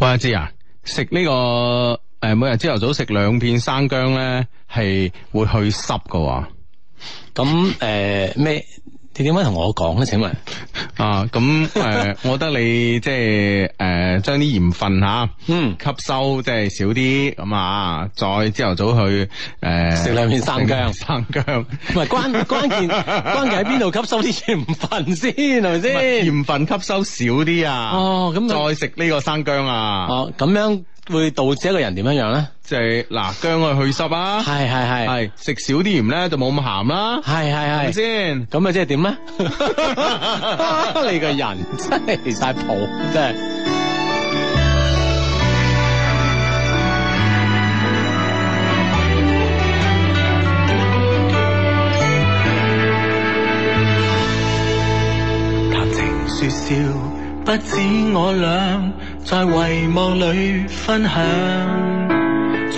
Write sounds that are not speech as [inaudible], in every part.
喂阿芝啊，食呢、這個誒、呃，每日朝頭早食兩片生薑咧，係會去濕噶。咁誒咩？呃你點解同我講咧？請問啊，咁誒，呃、 [laughs] 我覺得你即係誒，將啲鹽分吓，嗯，吸收即係少啲咁啊，再朝頭早去誒，食兩片生薑，生薑唔係關關鍵關鍵喺邊度吸收啲鹽分先係咪先？鹽分吸收少啲啊，哦，咁再食呢個生薑啊，哦，咁樣會導致一個人點樣樣咧？即係嗱，薑去去濕啊。係係係，食少啲鹽咧，就冇咁鹹啦。係係係，先咁啊！即係點咧？是是呢 [laughs] 你個人真係離晒譜，真係。談 [music] [music] 情説笑，不止我兩，在遺忘裏分享。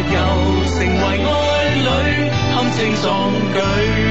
又成為愛侶，堪稱壯舉。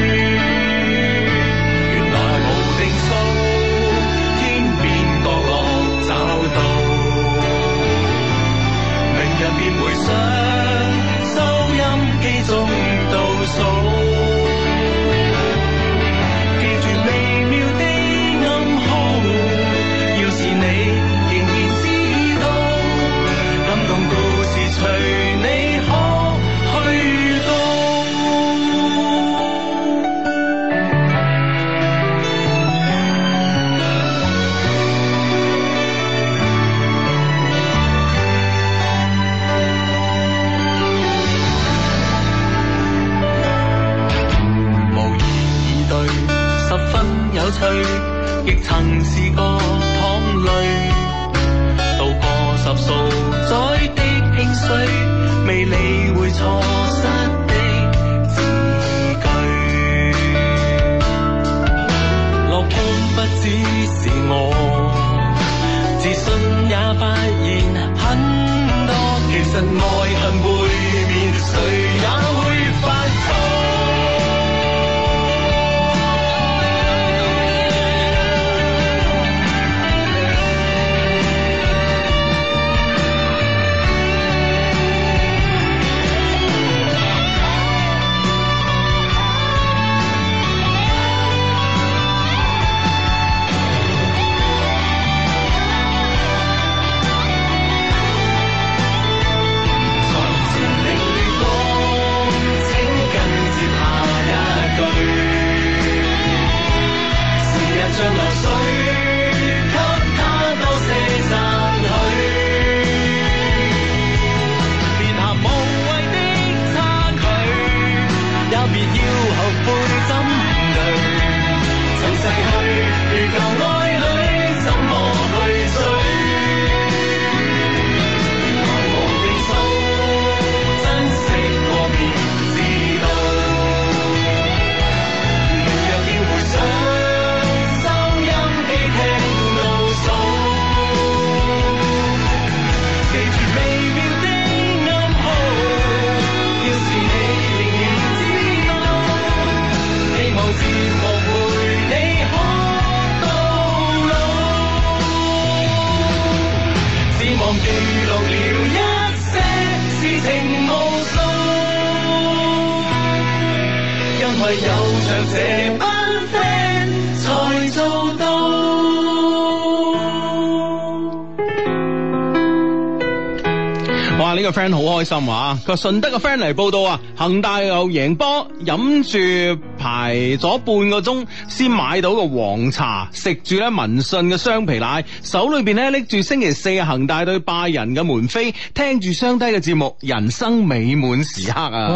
心話佢順德嘅 friend 嚟報道啊，恆大又贏波，飲住排咗半個鐘先買到個黃茶，食住咧民信嘅雙皮奶，手裏邊咧拎住星期四恆大對拜仁嘅門飛，聽住雙低嘅節目，人生美滿時刻啊！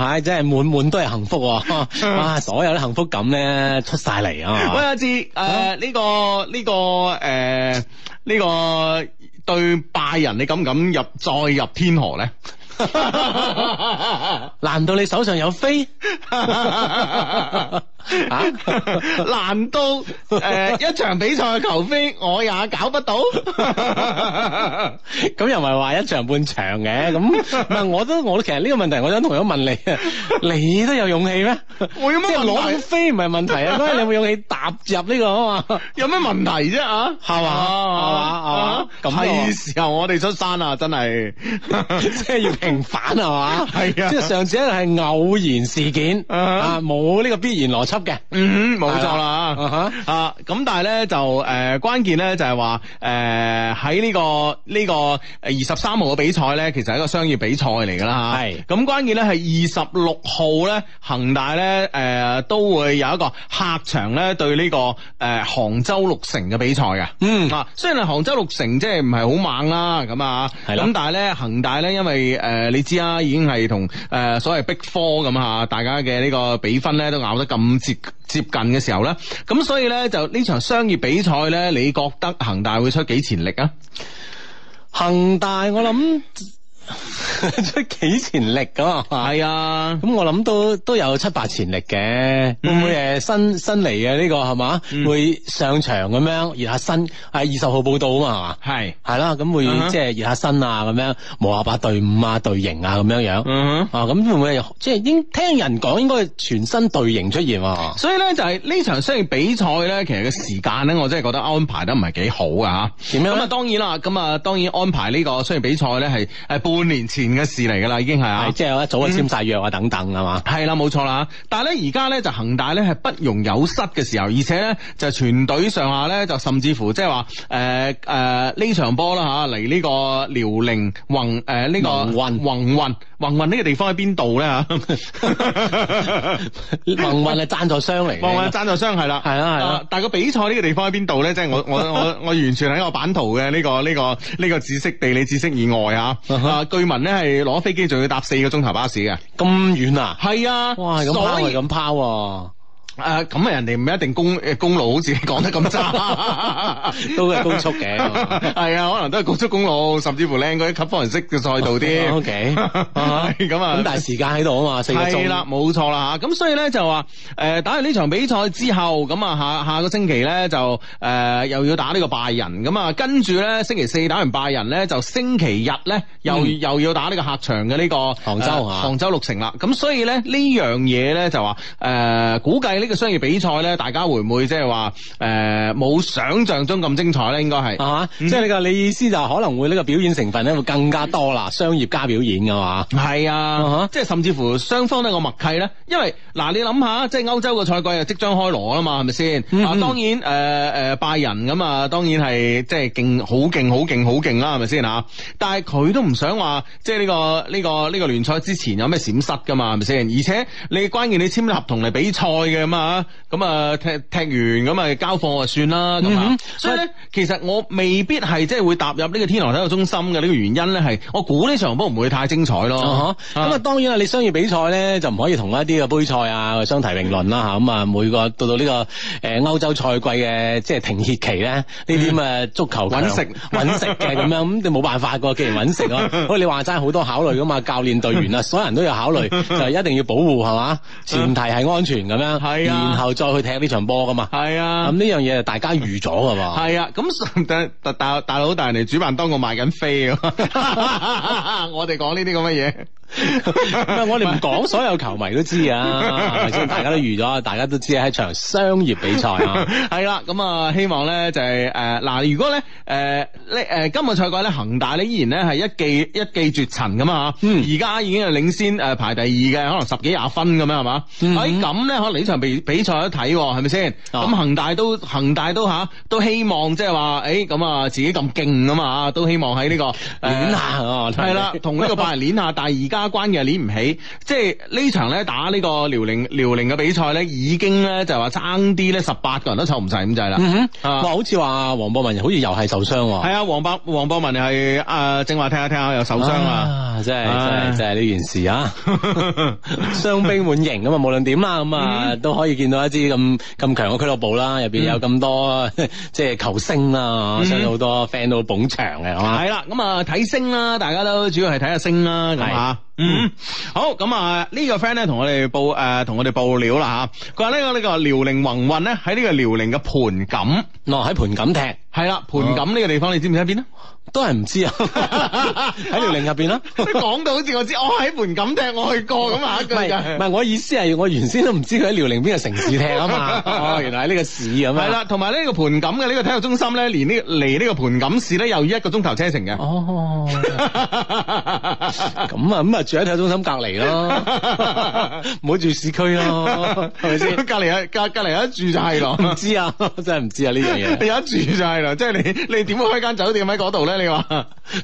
哇，係真係滿滿都係幸福啊，啊！所有啲幸福感咧出晒嚟啊！喂，阿志，誒、呃，呢個呢個誒呢個。這個呃這個對拜仁你敢唔敢入再入天河咧？難道你手上有飛？啊？ [laughs] 難道誒、呃、一場比賽嘅球飛我也搞不到？咁 [laughs] 又唔係話一長半長嘅咁，唔係我都我都其實呢個問題我想同樣問你啊，你都有勇氣咩？即係攞飛唔係問，啊這個、 [laughs] 問題啊，關鍵你有冇勇氣踏入呢個啊嘛？有咩問題啫？吧吧啊，係嘛？係嘛？係嘛？咁時候我哋出山啊，真係即係要平反啊嘛？係 [laughs] 啊，即係、啊、上次係偶然事件啊，冇呢、啊、個必然邏輯。嘅，嗯，冇錯啦，啊，咁但係咧就誒關鍵咧就係話誒喺呢個呢個二十三號嘅比賽咧，其實係一個商業比賽嚟噶啦吓，係，咁關鍵咧係二十六號咧恒大咧誒都會有一個客場咧對呢個誒杭州綠城嘅比賽嘅，嗯，啊雖然係杭州綠城即係唔係好猛啦，咁啊，係咯，咁但係咧恒大咧因為誒你知啦，已經係同誒所謂逼科咁啊，大家嘅呢個比分咧都咬得咁。接接近嘅時候咧，咁所以呢，就呢場商業比賽呢，你覺得恒大會出幾潛力啊？恒大我諗。出 [laughs] 幾潛力咁啊？係啊，咁、嗯、我諗都都有七八潛力嘅，會唔會誒新、嗯、新嚟嘅呢個係嘛？會上場咁樣熱下身，係二十號報道啊嘛，係係啦，咁、啊、會即係熱下身啊，咁樣冇下把隊伍啊，隊形啊，咁樣樣。嗯、啊咁會唔會即係應聽人講應該全新隊形出現、啊？嗯、所以咧就係呢場商業比賽咧，其實嘅時間咧，我真係覺得安排得唔係幾好啊。點樣咁啊？當然啦，咁啊，當然安排呢個商業比賽咧係誒半年前嘅事嚟噶啦，已經係啊，即係一早就簽晒約啊等等係嘛？係啦、嗯，冇錯啦。但係咧，而家咧就恒大咧係不容有失嘅時候，而且咧就全隊上下咧就甚至乎即係話誒誒呢場波啦嚇嚟呢個遼寧宏誒呢個宏運宏運宏運呢個地方喺邊度咧嚇？ [laughs] [laughs] 宏運係贊助商嚟嘅。宏運贊助商係啦，係啦係啦。但係個比賽呢個地方喺邊度咧？即係 [laughs] 我我我我完全喺一個版圖嘅呢、呢個呢、呢個呢、呢個呢個知識地理知識以外嚇。 [laughs] 據聞咧係攞飛機，仲要搭四個鐘頭巴士嘅，咁遠啊？係啊，嘩所以咁拋。誒，咁啊、呃，人哋唔一定公誒公路，好似你講得咁差 [laughs] 都，都係高速嘅，係啊，可能都係高速公路，甚至乎靚嗰啲開放式嘅賽道啲。O K，咁啊，咁但係時間喺度啊嘛，四個鐘。係啦，冇錯啦吓，咁所以咧就話誒、呃、打完呢場比賽之後，咁啊下下個星期咧就誒、呃、又要打呢個拜仁，咁啊跟住咧星期四打完拜仁咧，就星期日咧又、嗯、又要打呢個客場嘅呢、這個杭、呃、州杭、啊、州綠城啦。咁所以咧呢樣嘢咧就話誒、呃、估計呢。呢個商業比賽呢，大家會唔會即係話誒冇想象中咁精彩呢？應該係、uh huh. 即係你個你意思就係、可能會呢個表演成分咧會更加多啦，商業加表演噶嘛？係、uh huh. 啊，即係甚至乎雙方都有默契呢。因為嗱、呃、你諗下，即係歐洲個賽季又即將開鑼啦嘛，係咪先？嗱、uh，當然誒誒拜仁咁啊，當然係、呃、即係勁好勁好勁好勁啦，係咪先吓？但係佢都唔想話即係呢、呢個呢、呢個呢、呢個聯賽、呢個呢個呢個呢個、之前有咩閃失噶嘛，係咪先？而且你、呢個、關鍵你簽咗合同嚟比賽嘅啊咁啊踢踢完咁啊、嗯、交貨啊算啦咁啊，嗯嗯、所以咧其實我未必係即係會踏入呢個天河體育中心嘅呢、這個原因咧係我估呢場波唔會太精彩咯。咁、嗯、啊當然啦，你商業比賽咧就唔可以同一啲嘅杯賽啊相提並論啦吓。咁啊、嗯、每個到到呢個誒歐洲賽季嘅即係停歇期咧，呢啲咁嘅足球揾、嗯、食揾食嘅咁樣，咁你冇辦法噶、啊，既然揾食啊，我 [laughs] 你話齋好多考慮噶嘛，教練、隊員啊，所有人都要考慮， [laughs] 就係一定要保護係嘛，前提係安全咁樣係。 [laughs] 然後再去踢呢場波噶嘛，係啊，咁呢樣嘢大家預咗噶嘛，係啊，咁特大大佬，大人你主辦當我賣緊飛，我哋講呢啲咁嘅嘢。我哋唔講，所有球迷都知啊，大家都預咗，大家都知係一場商業比賽啊。係啦，咁啊，希望咧就係誒嗱，如果咧誒咧誒今個賽季咧恒大咧依然咧係一記一記絕塵咁啊，而家已經係領先誒排第二嘅，可能十幾廿分咁樣係嘛。喺咁咧，可能呢場比比賽一睇，係咪先？咁恒大都恒大都吓都希望即係話誒咁啊自己咁勁啊嘛，都希望喺呢個碾下啊，係啦，同呢個拜仁碾下，但係而家。加關嘅係捻唔起，即係呢場咧打個呢個遼寧遼寧嘅比賽咧，已經咧就話爭啲咧十八個人都湊唔齊咁滯啦。嗯、uh，啦、huh.。啊，哇哇好似話黃博文好似又係受傷。係啊，黃博黃博文係啊，正話聽下聽下又受傷啊。Uh huh. 即係，就係，就係呢件事啊 [laughs] 雙滿！傷兵滿營咁啊，無論點啦，咁啊都可以見到一支咁咁強嘅俱樂部啦，入邊有咁多呵呵即係球星啦，啊，所以好多 friend 都捧場嘅，係嘛，嗯？係啦，咁啊睇星啦，大家都主要係睇下星啦，係嘛？是的 嗯，好，咁啊、這個、呢個 friend 咧同我哋報誒，同、呃、我哋報料啦吓，佢話呢、這個寧呢個遼寧宏運咧喺呢個遼寧嘅盤錦，哦，喺盤錦踢，係啦，盤錦呢個地方你知唔知喺邊啊？都係唔知啊！喺遼寧入邊啦，講到好似我知，我喺盤錦踢我去過咁啊！一句唔係我意思係我原先都唔知佢喺遼寧邊個城市踢啊嘛！原來喺呢個市咁啊！係啦，同埋呢個盤錦嘅呢個體育中心咧，離呢離呢個盤錦市咧又要一個鐘頭車程嘅。哦，咁啊咁啊，住喺體育中心隔籬咯，唔好住市區咯，係咪先？隔籬有隔隔籬有得住就係咯，唔知啊，真係唔知啊呢樣嘢，有得住就係啦，即係你你點會開間酒店喺嗰度咧？你話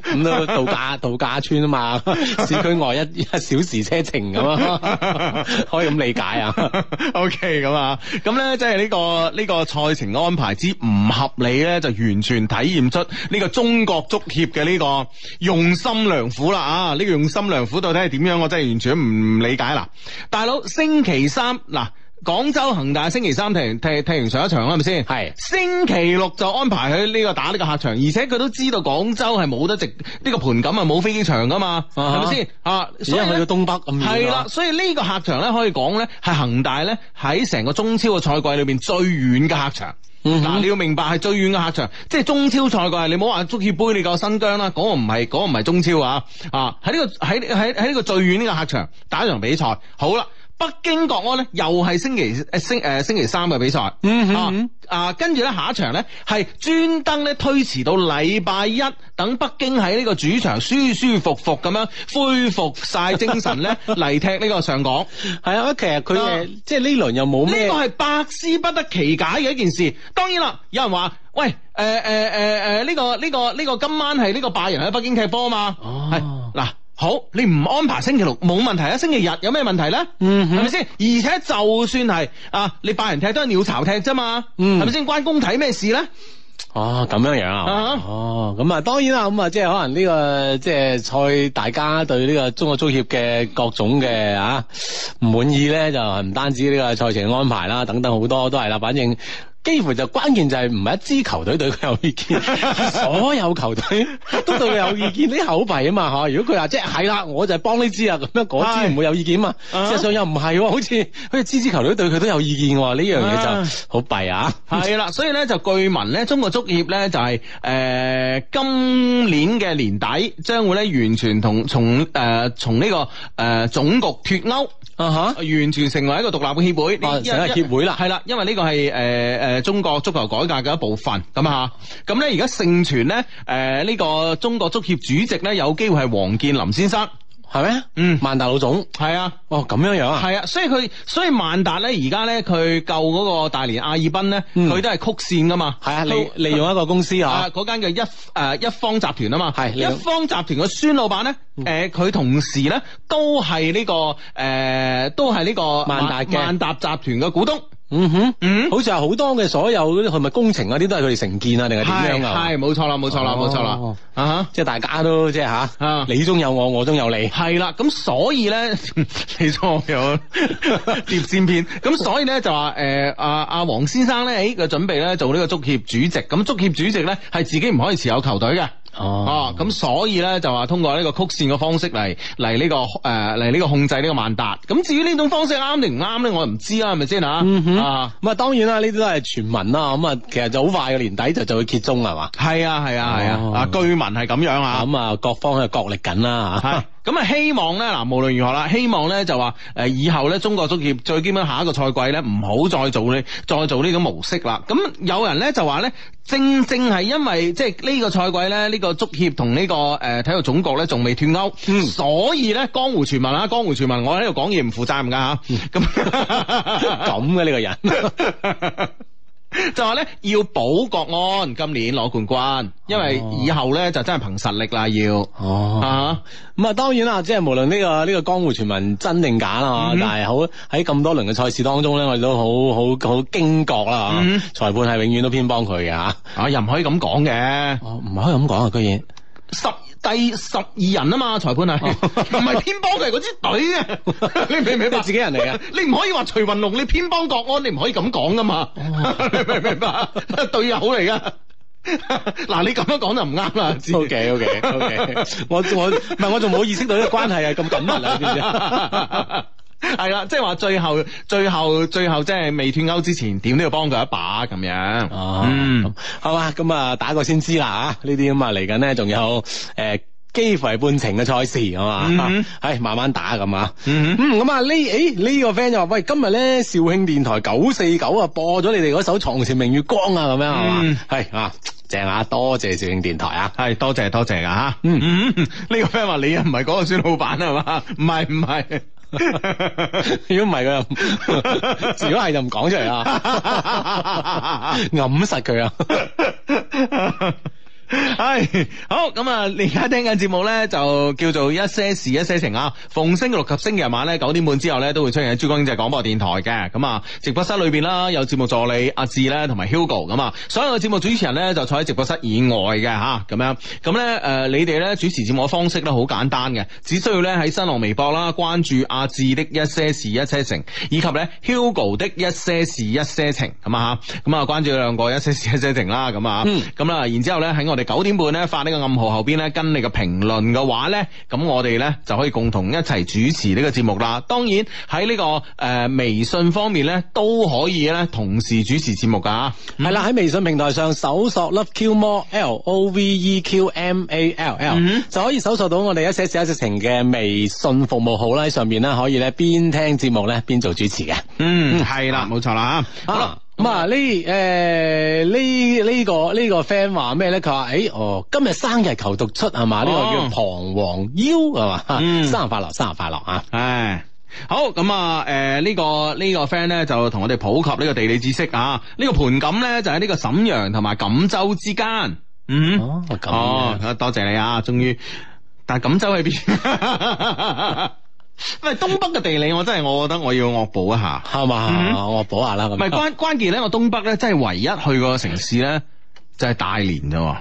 咁都度假 [laughs] 度假村啊嘛，市區外一一小時車程咁啊， [laughs] [laughs] 可以咁理解啊 [laughs] ？OK，咁啊，咁咧即係呢個呢個賽程安排之唔合理咧，就完全體驗出呢個中國足協嘅呢個用心良苦啦啊！呢個用心良苦到底係點樣？我真係完全唔理解啦，大佬星期三嗱。廣州恒大星期三停踢，踢完上一場啦，係咪先？係是星期六就安排喺呢個打呢個客場，而且佢都知道廣州係冇得直呢、這個盤錦啊，冇飛機場噶嘛，係咪先？啊，所以去到東北咁遠。係啦，所以呢個客場咧可以講咧，係恒大咧喺成個中超嘅賽季裏邊最遠嘅客場。嗱、嗯哼啊，你要明白係最遠嘅客場，即、就、係、是、中超賽季，你唔好話足協杯你夠、這個、新疆啦，嗰、那個唔係嗰個唔係中超啊啊！喺呢、這個喺喺喺呢個最遠呢個客場打一場比賽，好啦。北京國安咧又係星期星誒星期三嘅比賽、嗯嗯啊，啊，跟住咧下一場咧係專登咧推遲到禮拜一，等北京喺呢個主場舒舒服服咁樣恢復晒精神咧嚟踢呢個上港。係啊， [laughs] [laughs] 其實佢哋即係呢輪又冇咩，呢個係百思不得其解嘅一件事。當然啦，有人話喂，誒誒誒誒，呢、呃呃呃這個呢、這個呢、這個今晚係呢個拜仁喺北京踢波嘛？係嗱、哦 carbon。好，你唔安排星期六冇問題啊，星期日有咩問題咧？嗯哼，係咪先？而且就算係啊，你拜仁踢都係鳥巢踢啫嘛，嗯，係咪先？關工體咩事咧？哦，咁樣樣啊？哦、啊，咁啊，啊，當然啦，咁、嗯、啊，即係可能呢、這個即係賽，大家對呢個中國足協嘅各種嘅啊唔滿意咧，就唔單止呢個賽程安排啦，等等好多都係啦，反正。幾乎就關鍵就係唔係一支球隊對佢有意見， [laughs] 所有球隊都對佢有意見，啲好弊啊嘛嗬。如果佢話即係啦、啊，我就幫呢支啊，咁樣嗰支唔會有意見嘛。 [laughs] 事實上又唔係，好似好似支支球隊對佢都有意見嘅呢樣嘢就好弊啊。係啦， [laughs] [laughs] 所以咧就據聞咧，中國足協咧就係、是、誒、呃、今年嘅年底，將會咧完全同從誒、呃、從呢、這個誒、呃這個呃、總局脱鈎。啊哈！Uh huh. 完全成為一個獨立嘅協會，成為協會啦，係啦、uh, uh,，因為呢個係誒誒中國足球改革嘅一部分，咁啊，咁咧而家盛傳咧，誒、呃、呢、這個中國足協主席咧有機會係王健林先生。係咩？嗯，萬達老總係啊，哦咁樣樣啊，係啊，所以佢所以萬達咧，而家咧佢救嗰個大連阿爾濱咧，佢、嗯、都係曲線噶嘛，係啊，利他利用一個公司啊，嗰間、啊、叫一誒、呃、一方集團啊嘛，係是一方集團嘅孫老闆咧，誒佢、嗯呃、同時咧都係呢、這個誒、呃、都係呢、這個萬達嘅萬達集團嘅股東。嗯哼，嗯好似係好多嘅所有啲係咪工程嗰啲都係佢哋承建啊，定係點樣啊？係，冇錯啦，冇錯啦，冇錯啦，啊、huh, 即係大家都即係吓，就是啊 uh. 你中有我，我中有你，係啦，咁所以咧， [laughs] 你錯咗碟線片，咁 [laughs] 所以咧就話、是、誒，阿、呃、阿、啊、王先生咧，誒嘅準備咧做呢個足協主席，咁、嗯、足、嗯、協主席咧係自己唔可以持有球隊嘅。哦，咁、oh. 啊嗯、所以咧就話通過呢個曲線嘅方式嚟嚟呢個誒嚟呢個控制呢個萬達。咁至於呢種方式啱定唔啱咧，我唔知是是、嗯、哼啊，係咪先吓？啊，咁啊當然啦，呢啲都係傳聞啦。咁、嗯、啊，其實就好快嘅年底就就會揭盅係嘛？係啊係啊係啊，啊據聞係咁樣啊。咁啊、嗯，各方喺度角力緊啦吓。咁啊、 [laughs] 嗯，希望咧嗱，無論如何啦，希望咧就話誒以後咧中國足協最基本下一個賽季咧唔好再做呢再做呢種模式啦。咁有人咧就話咧正正係因為即係呢個賽季咧呢。個足協同呢、這個誒、呃、體育總局咧仲未脱鈎，嗯、所以咧江湖傳聞啊江湖傳聞，我喺度講嘢唔負責任噶吓，咁咁嘅呢個人。 [laughs] [laughs] 就話咧要保國安，今年攞冠軍，因為以後咧就真係憑實力啦要。哦，啊，咁啊當然啦，即係無論呢、這個呢、這個江湖傳聞真定假啦，嗯、哼但係好喺咁多輪嘅賽事當中咧，我哋都好好好驚覺啦，嗯、哼裁判係永遠都偏幫佢嘅吓，啊又唔可以咁講嘅，哦唔係可以咁講啊居然。第十二人啊嘛，裁判啊，唔係、哦、 [laughs] 偏幫嘅係嗰支隊啊，明 [laughs] 唔明白？ [laughs] 自己人嚟啊， [laughs] 你唔可以話徐雲龍你偏幫國安，你唔可以咁講噶嘛，明 [laughs] 唔明白？ [laughs] [laughs] 友 [laughs] [laughs] 隊友嚟噶，嗱你咁樣講就唔啱啦。O K O K O K，我我唔係我仲冇意識到呢個關係係咁緊密啊，知唔知？係啦，即係話最後、最後、最後，即係未脫鈎之前，點都要幫佢一把咁樣。哦、嗯啊，好啊，咁啊打過先知啦，啊呢啲咁啊嚟緊咧，仲有誒幾乎係半程嘅賽事，係嘛？係、嗯啊、慢慢打咁、嗯嗯、啊。咁咁啊呢？誒、欸、呢個 friend 話喂，今日咧肇慶電台九四九啊播咗你哋嗰首《床前明月光》啊，咁樣係嘛？係、嗯、啊，啊，正啊，多謝肇慶電台啊，係多謝多謝啊，吓。嗯，呢 [laughs] 個 friend 話你又唔係嗰個孫老闆係嘛？唔係唔係。 [laughs] [laughs] [laughs] 如果唔係佢，如果係就唔講出嚟啊，揞實佢啊！係、， [music] [music] 哎、好咁啊！而家聽緊節目咧，就叫做一些事一些情啊！逢星期六及星期日晚咧九點半之後咧，都會出現喺珠江經濟廣播電台嘅咁啊！直播室裏邊啦，有節目助理阿志咧，同埋 Hugo 咁啊！所有嘅節目主持人咧就坐喺直播室以外嘅吓咁樣。咁咧誒，你哋咧主持節目嘅方式咧好簡單嘅，只需要咧喺新浪微博啦，關注阿志的一些事一些情，以及咧 Hugo 的一些事一些情咁啊吓。咁啊，關注兩個一些事一些情啦，咁啊，咁啊，然之後咧喺我哋。九點半咧發呢個暗號後邊咧，跟你嘅評論嘅話咧，咁我哋咧就可以共同一齊主持呢個節目啦。當然喺呢、這個誒、呃、微信方面咧都可以咧同時主持節目噶。係啦、嗯，喺微信平台上搜索 Love Q More L O V E Q M A L, L、嗯、就可以搜索到我哋一些事一些情嘅微信服務號啦。喺上面咧可以咧邊聽節目咧邊做主持嘅。嗯，係啦，冇錯啦。錯好的。好咁、嗯嗯、啊，這個這個這個、呢誒呢呢個呢個 friend 話咩咧？佢話誒，哦，今日生日求獨出係嘛？呢、哦、個叫彷徨腰係嘛！嗯、生日快樂，生日快樂啊！誒、哎，好咁啊，誒、嗯、呢、嗯這個呢、這個 friend 咧就同我哋普及呢個地理知識啊。呢、這個盤錦咧就喺呢個沈陽同埋錦州之間。嗯哦，哦，哦，多謝你啊！終於，但係錦州喺邊？ [laughs] 喂，東北嘅地理我真係我覺得我要惡補一下，係嘛，惡補下啦。唔係關關鍵咧，我東北咧真係唯一去過嘅城市咧，就係大連啫嘛，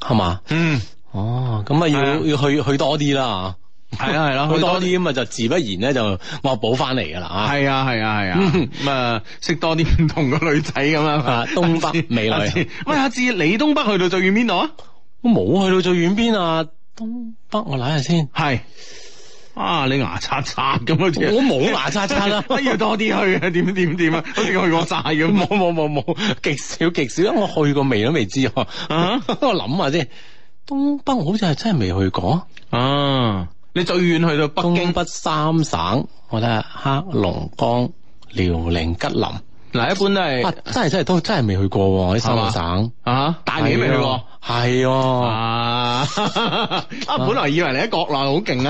係嘛。嗯，哦，咁啊要要去去多啲啦。係啊係啦，去多啲咁啊就自不然咧就惡補翻嚟噶啦。係啊係啊係啊，咁啊識多啲唔同嘅女仔咁樣。東北美女，喂阿志，你東北去到最遠邊度啊？我冇去到最遠邊啊，東北我諗下先，係。啊！你牙刷刷咁好似，我冇牙刷刷啦，要 [laughs] 多啲去啊！點點點啊，好似去過晒咁，冇冇冇冇，極少極少，因為我去過未都未知嗬。啊、 [laughs] 我諗下先，東北我好似係真係未去過啊！你最遠去到北京北三省，我睇下黑龍江、遼寧、吉林。嗱、啊，一般都係真係真係都真係未去過喎，啲三省啊，打野未去過。係喎，啊是！ [laughs] 本來以為你喺國內好勁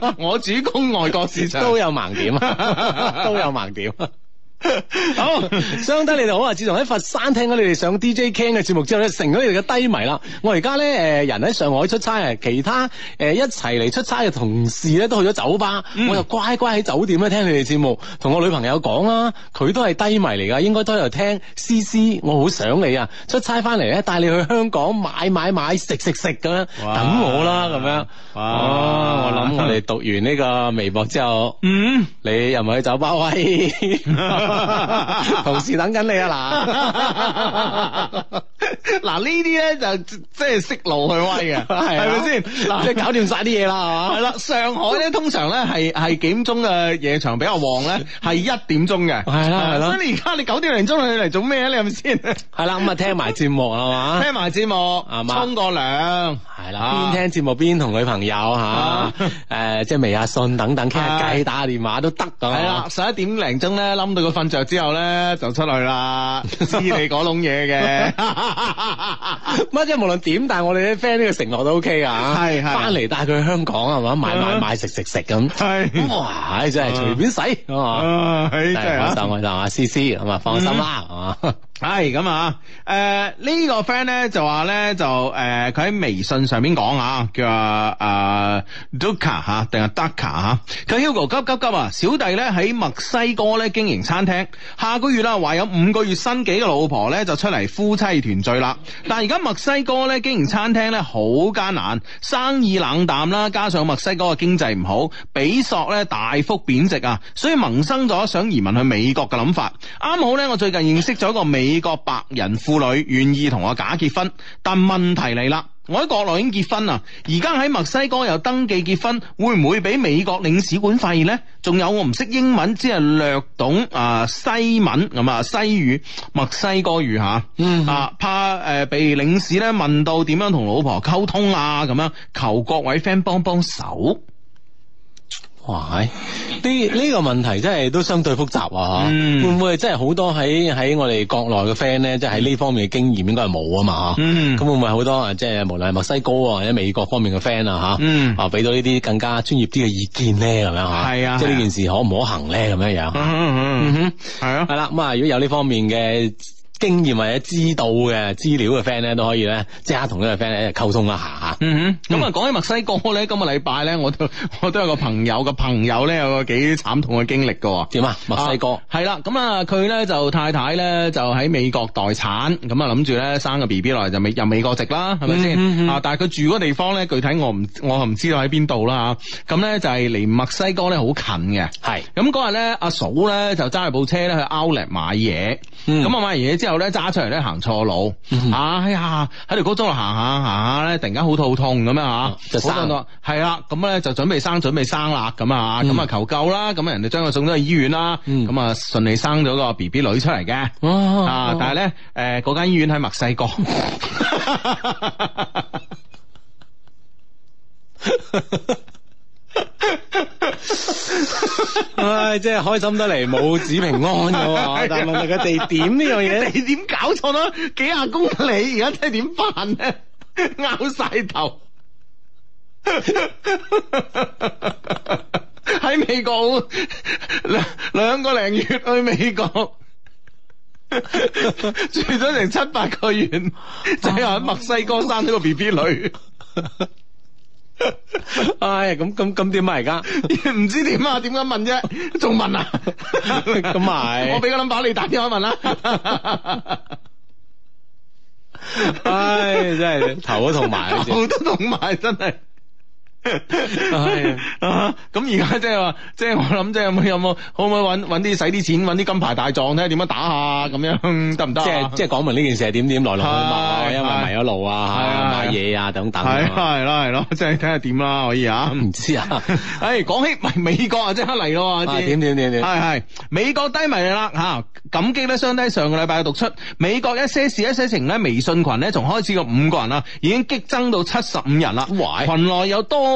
啊， [laughs] 我主攻 [laughs] 外國市場，都有盲點啊，都有盲點。 [laughs] [laughs] [laughs] 好，相得你哋好啊！自從喺佛山聽咗你哋上 DJ King 嘅節目之後咧，就成咗你哋嘅低迷啦。我而家咧誒，人喺上海出差啊，其他誒、呃、一齊嚟出差嘅同事咧都去咗酒吧，嗯、我就乖乖喺酒店咧聽你哋節目，同我女朋友講啦，佢都係低迷嚟噶，應該都喺度聽。思思，我好想你啊！出差翻嚟咧，帶你去香港買買買、食食食咁樣，等我啦咁哇樣。哇！哦、我諗我哋讀完呢個微博之後，嗯，你又唔喺酒吧喂。 [laughs] 同事等緊你啊嗱嗱呢啲咧就即係識路去威嘅係咪先嗱即係搞掂晒啲嘢啦係嘛係啦上海咧通常咧係係幾點鐘嘅夜場比較旺咧係一點鐘嘅係啦係啦所以你而家你九點零鐘去嚟做咩你係咪先係啦咁啊聽埋節目係嘛聽埋節目係嘛沖個涼係啦邊聽節目邊同女朋友吓誒即係微下信等等傾下偈打下電話都得係啦十一點零鐘咧冧到個瞓着之後咧就出去啦，知你嗰籠嘢嘅，乜即係無論點，但係我哋啲 friend 呢個承諾都 OK 㗎，係係，翻嚟帶佢去香港係嘛，買買買食食食咁，係哇，真係隨便使係嘛，係真係，阿 Sam 阿 C C 係嘛，放心啦啊。係咁、哎、啊！誒、呃這個、呢個 friend 咧就話咧就誒佢喺微信上面講啊，叫啊誒 Duka 嚇，定係 Daka 嚇。佢 Hugo 急急急啊！小弟咧喺墨西哥咧經營餐廳，下個月啦話有五個月新結嘅老婆咧就出嚟夫妻團聚啦。但係而家墨西哥咧經營餐廳咧好艱難，生意冷淡啦，加上墨西哥嘅經濟唔好，比索咧大幅貶值啊，所以萌生咗想移民去美國嘅諗法。啱好咧，我最近認識咗一個美。美國白人婦女願意同我假結婚，但問題嚟啦，我喺國內已經結婚啦，而家喺墨西哥又登記結婚，會唔會俾美國領事館發現呢？仲有我唔識英文，只係略懂啊西文咁啊西語、墨西哥語吓，啊、嗯、哼怕誒被領事咧問到點樣同老婆溝通啊咁樣，求各位 friend 幫幫手。哇！呢呢個問題真係都相對複雜啊！吓、嗯，會唔會真係好多喺喺我哋國內嘅 friend 咧，即係喺呢方面嘅經驗應該係冇啊嘛！吓、嗯，咁會唔會好多啊？即係無論係墨西哥啊，或者美國方面嘅 friend 啊，吓、嗯、啊，俾到呢啲更加專業啲嘅意見咧，咁樣吓，係啊，嗯、即係呢件事可唔可行咧，咁樣樣吓，係啊，係啦，咁啊，如果有呢方面嘅。經驗或者知道嘅資料嘅 friend 咧，都可以咧，即刻同呢個 friend 咧溝通一下吓。嗯哼、嗯，咁啊講起墨西哥咧，今個禮拜咧，我都我都有個朋友嘅朋友咧有個幾慘痛嘅經歷嘅。點啊？墨西哥係啦，咁啊佢咧就太太咧就喺美國待產，咁啊諗住咧生個 B B 落嚟就美入美國籍啦，係咪先？嗯嗯嗯嗯啊，但係佢住嗰個地方咧，具體我唔我唔知道喺邊度啦吓。咁咧就係離墨西哥咧好近嘅。係是。咁嗰日咧阿嫂咧就揸住部車咧去 Outlet 買嘢，咁啊、嗯、買完嘢之後咧揸出嚟咧行錯路， [noise] 啊哎呀喺條高州路行下行下咧，突然間好肚痛咁樣吓，啊、就生咗係啦。咁咧、啊嗯、就準備生，準備生啦咁啊，咁啊、嗯、求救啦。咁人哋將佢送咗去醫院啦，咁啊順利生咗個 B B 女出嚟嘅。啊！啊但係咧，誒，嗰間醫院喺墨西哥。 [laughs] 唉，真係開心得嚟，母子平安嘅 [laughs] 但係問下個地點呢樣嘢，這個、 [laughs] 地點搞錯啦，幾廿公里，而家睇係點辦咧？拗晒頭。喺 [laughs] 美國兩兩個零月去美國，住 [laughs] 咗成七八個月，就、啊、最後喺墨西哥生咗個 B B 女。 [laughs] [laughs] 唉，咁咁咁點啊？而家唔知點啊？點解問啫？仲問啊？咁係、 [laughs] 啊， [laughs] 我俾個號碼，你，打電話問啦、啊。 [laughs] [laughs] 唉，真係 [laughs] 頭都痛埋， [laughs] 頭都痛埋，真係。咁而家即係話，即係 [laughs] 我諗，即係可唔可，可唔可以揾啲使啲錢，揾啲金牌大狀睇下點樣打下咁樣得唔得？即係即係講明呢件事係點點來龍去脈 [laughs] 是因為迷咗路啊，的買嘢啊等等。係啦係啦，即係睇下點啦，可以啊？唔知啊？誒，講起咪美國啊，即刻嚟咯！點點點點係係美國低迷啦吓，感激得雙低。上個禮拜讀出美國一些事一些情咧，微信群咧從開始嘅五個人啊，已經激增到七十五人啦。 [laughs] 哎、呀群內有多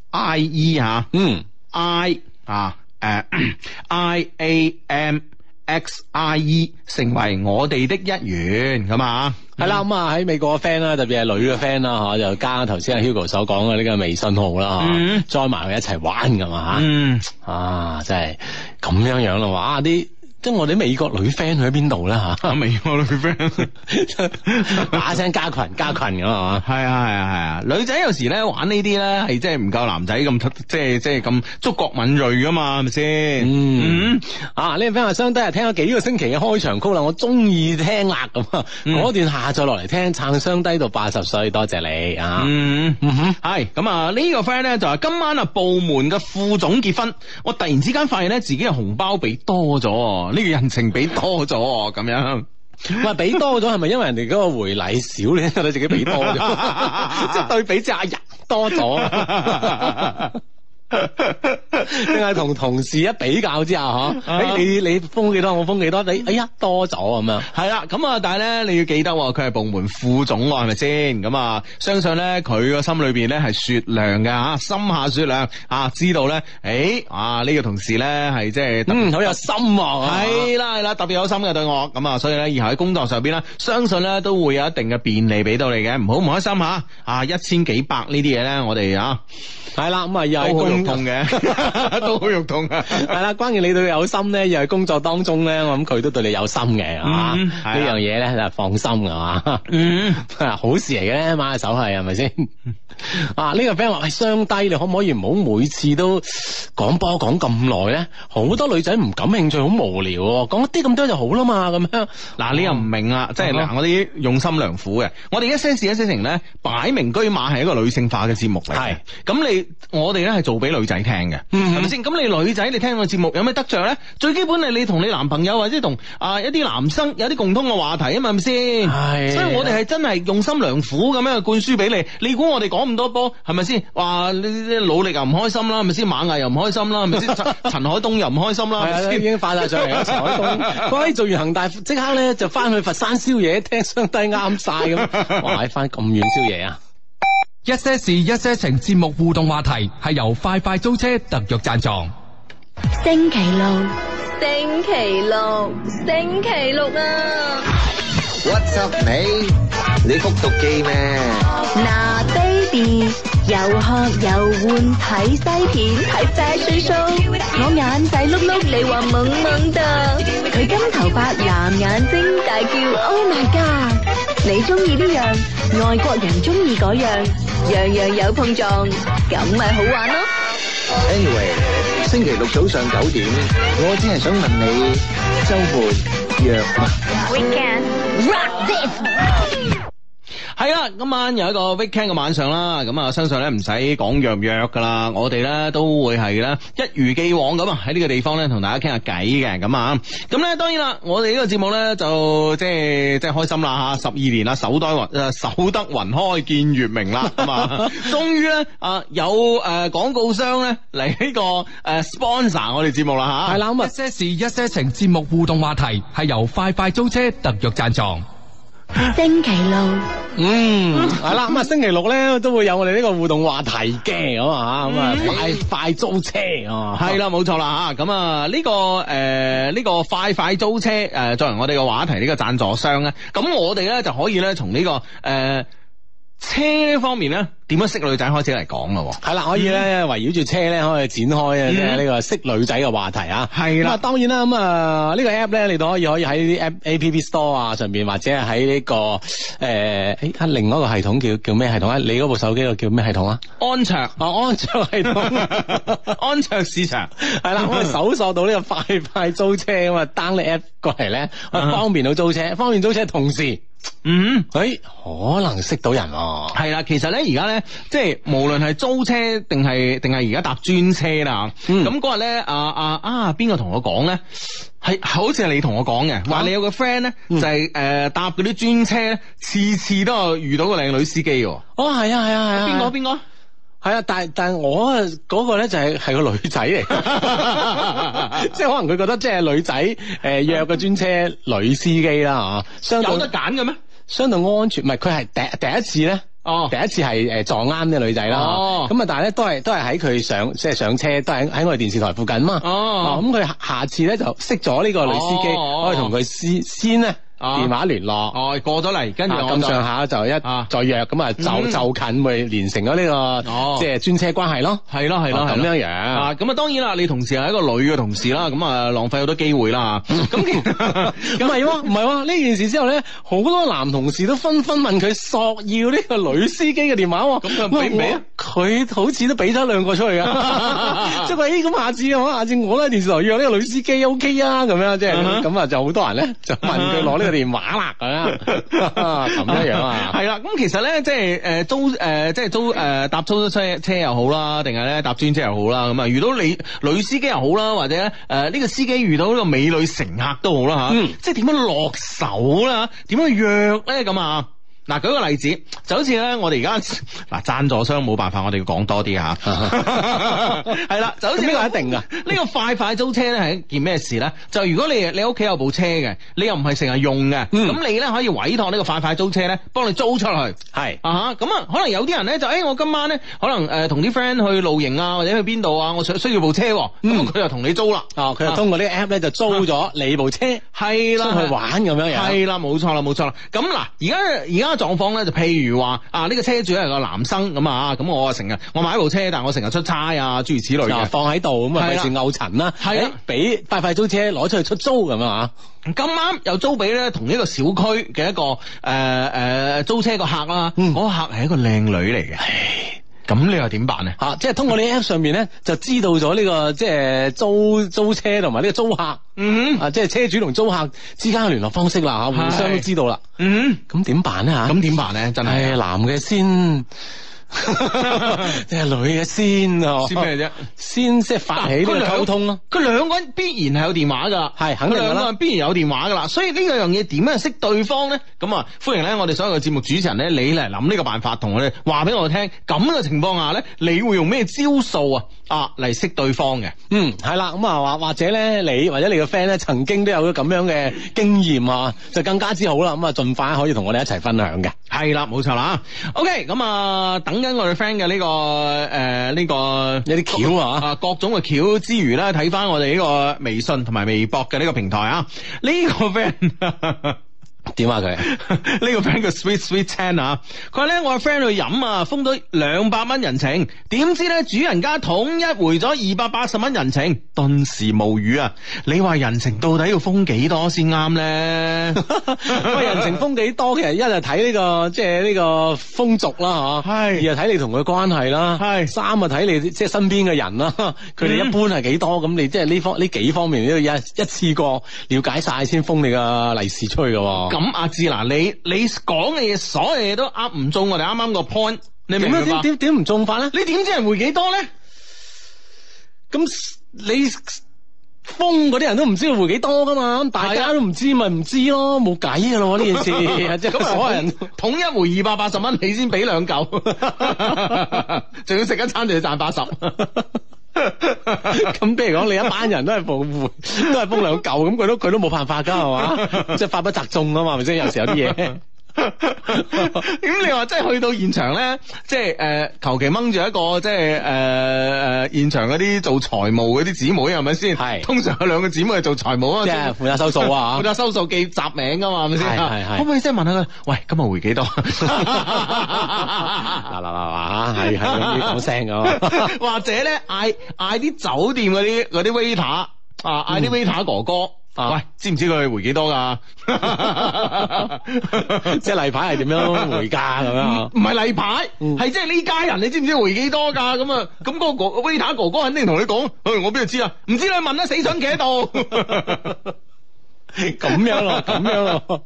I E 吓、嗯，嗯，I 啊，誒，I A M X I E 成為我哋的一員咁啊，係啦，咁啊喺美國嘅 friend 啦，特別係女嘅 friend 啦，嗬、嗯，就加頭先阿 Hugo 所講嘅呢個微信號啦，載埋佢一齊玩咁啊，嗯，嗯啊，真係咁樣樣啦，哇，啲。即咁我哋美國女 friend 去喺邊度啦嚇？美國女 friend 把聲加群，加群嘅係嘛？係 [laughs] 啊係啊係啊，啊，啊！女仔有時咧玩呢啲咧係真係唔夠男仔咁即係即係咁觸覺敏鋭嘅嘛係咪先？是是嗯，嗯啊呢個 friend 阿雙低係聽咗幾個星期嘅開場曲啦，我中意聽啦咁啊，嗰段下載落嚟聽撐雙低到八十歲，多謝你啊！嗯哼，係咁啊呢個 friend 咧就話今晚啊部門嘅副總結婚，我突然之間發現咧自己嘅紅包俾多咗。呢個人情俾多咗喎，咁樣，喂， [laughs] 俾多咗係咪因為人哋嗰個回禮少咧，你自己俾多咗， [laughs] 即係對比之下、呃、多咗。 [laughs] 定係同同事一比較之下，嗬？誒，你你封幾多，我封幾多，你哎呀多咗咁樣。係啦，咁啊，但係咧，你要記得佢係部門副總喎，係咪先？咁、嗯、啊，相信咧佢個心裏邊咧係雪亮嘅吓，心下雪亮啊，知道咧，誒、哎、啊呢、這個同事咧係即係嗯好有心啊、哦，係啦係啦，va, 特別有心嘅對我咁啊，所以咧以後喺工作上邊咧，相信咧都會有一定嘅便利俾到你嘅，唔好唔開心吓啊！一千幾百呢啲嘢咧，我哋啊係啦，咁啊又係。痛嘅，都好肉痛啊！係啦，關鍵你對佢有心咧，又係工作當中咧，我諗佢都對你有心嘅啊！呢樣嘢咧就放心嘅嘛，嗯，好事嚟嘅咧，買下手係係咪先？啊，呢個 friend 話：，喂，雙低，你可唔可以唔好每次都講波講咁耐咧？好多女仔唔感興趣，好無聊，講一啲咁多就好啦嘛，咁樣。嗱，你又唔明啦，即係嗱，我哋用心良苦嘅，我哋一些事一些情咧，擺明居馬係一個女性化嘅節目嚟，係咁你我哋咧係做俾。女仔聽嘅係咪先？咁、嗯、你女仔你聽個節目有咩得着咧？最基本係你同你男朋友或者同啊、呃、一啲男生有啲共通嘅話題啊？係咪先？係唉，所以我哋係真係用心良苦咁樣灌輸俾你。你估我哋講咁多波係咪先？話你啲努力又唔開心啦，係咪先？螞蟻又唔開心啦，係咪先？陳陳海東又唔開心啦，已經快晒上嚟。陳海東，快啲 [laughs] [laughs] 做完恒大，即刻咧就翻去佛山宵夜聽收低啱晒咁。哇！翻咁遠宵夜啊！一些事，一些情，節目互動話題係由快快租車特約贊助。星期六，星期六，星期六啊！What's up 你？你復讀機咩？嗱，baby，又學又換，睇西片，睇 fashion show，我眼仔碌碌，你話懵懵的。佢金頭髮，藍眼睛，大叫 Oh my God！你中意呢樣，外國人中意嗰樣，樣樣有碰撞，咁咪好玩咯。Anyway，星期六早上九點，我只係想問你週末約乜？係啦，今晚有一個 weekend 嘅晚上啦，咁啊，相信咧唔使講約唔約噶啦，我哋咧都會係咧一如既往咁啊，喺呢個地方咧同大家傾下偈嘅，咁啊，咁咧當然啦，我哋呢個節目咧就即係即係開心啦吓，十二年啦，守得雲，誒守得雲開見月明啦，咁啊，終於咧啊有誒廣告商咧嚟呢個誒 sponsor 我哋節目啦吓，係啦，一些事一些情節目互動話題係由快快租車特約贊助。星期六，嗯，係啦 [laughs] 了，咁啊，星期六咧都會有我哋呢個互動話題嘅。咁啊，吓咁啊快快租車哦，係啦， [laughs] 冇錯啦，吓咁啊呢、個誒呢、呃個快快租車誒、呃、作為我哋嘅話題呢、個贊助商咧，咁我哋咧就可以咧從呢、個誒、呃、車呢方面咧。點樣識女仔開始嚟講咯？係啦，可以咧圍繞住車咧可以展開啊、這個！呢、嗯、個識女仔嘅話題啊，係啦的。當然啦，咁啊呢個 app 咧，你都可以可以喺 app A P P Store 啊上邊或者喺呢、這個誒誒、呃，另外一個系統叫叫咩系統啊？你嗰部手機個叫咩系統啊？安卓啊、哦，安卓系統， [laughs] 安卓市場係啦，我可以搜索到呢個快快租車，咁啊，down 呢 app 過嚟咧，方便到租車，嗯、方便租車同時，嗯，誒，可能識到人。係啦，其實咧而家咧，即係無論係租車定係定係而家搭專車啦。咁嗰日咧，啊，阿啊邊個同我講咧，係好似係你同我講嘅，話你有個 friend 咧就係誒搭嗰啲專車次次都係遇到個靚女司機。哦，係啊，係啊，係啊。邊個邊個？係啊，但係但係我嗰個咧就係係個女仔嚟，即係可能佢覺得即係女仔誒約個專車女司機啦。哦，有得揀嘅咩？相對安全，唔係佢係第第一次咧。哦，oh. 第一次係誒、呃、撞啱、oh. 呢女仔啦，咁啊但係咧都係都係喺佢上即係上車都係喺我哋電視台附近嘛，哦咁佢下次咧就識咗呢個女司機，oh. 可以同佢先先咧。啊，電話聯絡，哦，過咗嚟，跟住咁上下就一再約，咁啊就就近咪連成咗呢個，即係專車關係咯。係咯，係咯咁樣嘢。啊，咁啊當然啦，你同事係一個女嘅同事啦，咁啊浪費好多機會啦。咁唔係喎，唔係喎，呢件事之後咧，好多男同事都紛紛問佢索要呢個女司機嘅電話。咁佢唔俾啊，佢好似都俾咗兩個出去嘅。即係話咦，咁下次嘅話，下次我咧電視台約呢個女司機 OK 啊，咁樣即係咁啊，就好多人咧就問佢攞呢個。連話啦，咁啊，咁樣樣啊，係啦、 [laughs] 啊。咁其實咧，即係誒租誒，即、呃、係租誒搭出租車車又好啦，定係咧搭專車又好啦。咁啊，遇到女女司機又好啦，或者誒呢、呃這個司機遇到一個美女乘客都好啦嚇。啊、嗯，即係點樣落手啦？點樣約咧咁啊？嗱，舉個例子，就好似咧，我哋而家嗱，贊助商冇辦法，我哋要講多啲吓，係啦，就好似呢個一定噶，呢個快快租車咧係一件咩事咧？就如果你你屋企有部車嘅，你又唔係成日用嘅，咁你咧可以委託呢個快快租車咧，幫你租出去，係啊哈，咁啊，可能有啲人咧就誒，我今晚咧可能誒同啲 friend 去露營啊，或者去邊度啊，我需需要部車，嗯，佢又同你租啦，啊，佢就通過呢個 app 咧就租咗你部車，係啦，去玩咁樣樣，係啦，冇錯啦，冇錯啦，咁嗱，而家而家。狀況咧就譬如話啊呢、這個車主係個男生，咁啊咁我啊成日我買一部車，但係我成日出差啊諸如此類嘅放喺度咁啊費事拗塵啦，係俾了、欸、快快租車攞出去出租咁啊，咁啱又租俾咧同一個小區嘅一個誒誒、呃、租車客、嗯、個客啦，嗰個客係一個靚女嚟嘅。唉咁你又點辦咧？吓、啊，即係通過呢個 A P P 上面咧，就知道咗呢、這個即係、就是、租租車同埋呢個租客，嗯、mm，hmm. 啊，即係車主同租客之間嘅聯絡方式啦，吓、mm，互、hmm. 相、啊、都知道啦，嗯、mm，咁、hmm. 點、啊、辦咧？吓，咁點辦咧？就係男嘅先。即 [laughs] 係女嘅先啊，先咩啫？先即係發起嗰個溝通咯。佢兩個人必然係有電話噶，係肯定兩個人必然有電話噶啦。所以呢兩樣嘢點樣識對方咧？咁啊，歡迎咧，我哋所有嘅節目主持人咧，你嚟諗呢個辦法，同我哋話俾我哋聽。咁嘅情況下咧，你會用咩招數啊？啊，嚟識對方嘅，嗯，係啦，咁啊，或或者咧，你或者你個 friend 咧，曾經都有咗咁樣嘅經驗啊，就更加之好啦，咁啊，盡快可以同我哋一齊分享嘅，係啦，冇錯啦，OK，咁、嗯、啊，等緊我哋 friend 嘅呢個誒呢個一啲橋啊，各種嘅橋之餘咧，睇翻我哋呢個微信同埋微博嘅呢個平台啊，呢、呢個 friend。 [laughs] 點啊，佢呢 [laughs] 個 friend 叫 sweet sweet ten 啊。佢話咧，我個 friend 去飲啊，封咗兩百蚊人情，點知咧，主人家統一回咗二百八十蚊人情，頓時無語啊。你話人情到底要封幾多先啱咧？喂 [laughs] [laughs] 人情封幾多其實一係睇呢個即係呢個風俗啦吓，二係睇你同佢關係啦，三啊睇你即係身邊嘅人啦，佢哋一般係幾多，咁你即係呢方呢幾方面呢度一一次過了解晒，先封你個利是出去嘅。咁、嗯、阿志嗱，你你講嘅嘢，所有嘢都呃唔中我哋啱啱個 point，你明唔明啊？點點點唔中法咧？你點知人回幾多咧？咁你封嗰啲人都唔知佢回幾多噶嘛？大家都唔知咪唔知咯，冇計噶咯呢件事。即係咁 [laughs] 所有人 [laughs] 統一回二百八十蚊，你先俾兩嚿，仲 [laughs] 要食一餐仲要賺八十。 [laughs] 咁、 [laughs] 嗯、比如講，你一班人都係暴滿，都係抱兩嚿，咁佢都佢都冇辦法噶係 [laughs] 嘛，即係法不責眾啊嘛，係咪先？有時有啲嘢。咁、 [laughs] 嗯、你話真係去到現場咧，即係誒，求其掹住一個即係誒誒，現場嗰啲做財務嗰啲姊妹係咪先？係是通常有兩個姊妹做財務啊，即係負責收數啊，負責收數記集名噶嘛，係咪先？係係可唔可以即係問下佢？喂，今日回幾多？嗱嗱嗱，吓係係講聲咁。 [laughs] 或者咧，嗌嗌啲酒店嗰啲嗰啲 waiter 啊，嗌啲 waiter 哥哥。喂，知唔知佢回幾多噶？ [laughs] [laughs] 即係例牌係點樣回價咁樣？唔係例牌，係 [laughs] 即係呢家人，你知唔知回幾多噶？咁啊，咁嗰個威塔哥哥肯定同你講，我邊度知啊？唔知你問得死蠢企喺度。咁樣咯，咁樣咯。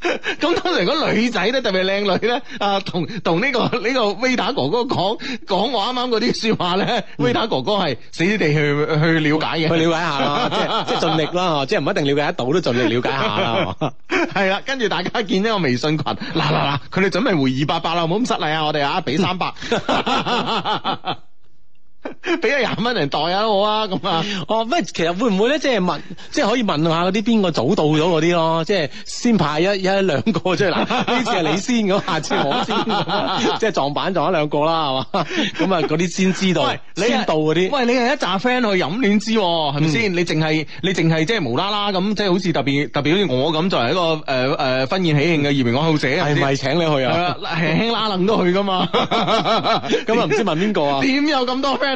咁 [laughs] 當然，如果女仔咧特別靚女咧，啊、呃，同同呢個呢個 Vita 哥哥講講我啱啱嗰啲說話咧 Vita 哥哥係死,死地去去了解嘅、哦，去了解下啦，即 [laughs] 即盡力啦， [laughs] 即唔一定了解得到都盡力了解下啦。係啦， [laughs] 跟住大家見呢個微信群，嗱嗱嗱，佢哋準備回二百八啦，唔好咁失禮啊，我哋啊，俾三百。 [laughs] [laughs] 俾咗廿蚊嚟袋下我啊，咁啊哦，咩、嗯、其實會唔會咧？即係問，即係可以問下嗰啲邊個早到咗嗰啲咯，即係先派一、一兩個出嚟，呢 [laughs] 次係你先，咁下次我先， [laughs] 即係撞板撞一兩個啦，係嘛？咁啊，嗰啲先知道你先到嗰啲。喂，你係一紮 friend 去飲，暖先知係咪先？你淨係、啊嗯、你淨係即係無啦啦咁，即係好似特別特別好似我咁，作為一個誒誒、呃呃呃、婚宴喜慶嘅移名愛好者。係咪請你去啊？係啊，慶啦能都去噶嘛？咁啊，唔知問邊個啊？點有咁多 friend？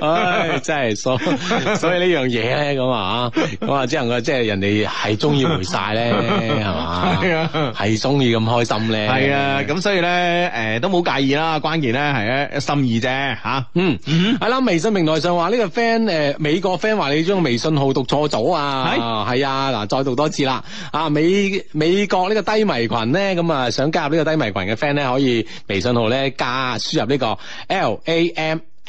唉，真係所所以呢樣嘢咧，咁啊，咁啊，只能夠即係人哋係中意回晒咧，係嘛，係中意咁開心咧，係啊。咁所以咧，誒，都冇介意啦。關鍵咧係啊心意啫，吓，嗯，係啦。微信平台上話呢個 friend 誒，美國 friend 話你將微信號讀錯咗啊，係係啊，嗱，再讀多次啦，啊美美國呢個低迷群咧，咁啊想加入呢個低迷群嘅 friend 咧，可以微信號咧加輸入呢個 l a m。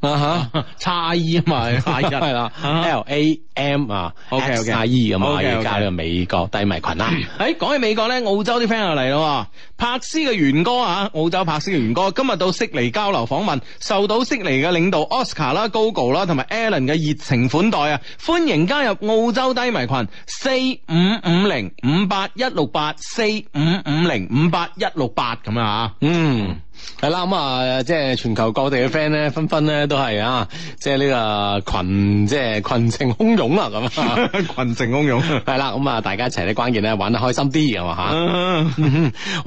啊哈、uh，差 E 啊嘛，係啦，L A M 啊，O K 咁啊， 加入美國低迷群啦、啊。誒，講起美國咧，澳洲啲 friend 又嚟咯，柏斯嘅元哥啊，澳洲柏斯嘅元哥，今日到悉尼交流訪問，受到悉尼嘅領導 Oscar 啦、啊、Gogo 啦同埋 Alan 嘅熱情款待啊，歡迎加入澳洲低迷群，四五五零五八一六八四五五零五八一六八咁啊，嗯。係啦，咁啊、嗯，即係全球各地嘅 friend 咧，紛紛咧都係啊，即係呢個群，即係群情洶湧啊，咁啊，群情洶湧。係啦，咁、嗯、啊，大家一齊咧，關鍵咧玩得開心啲，啊嘛吓。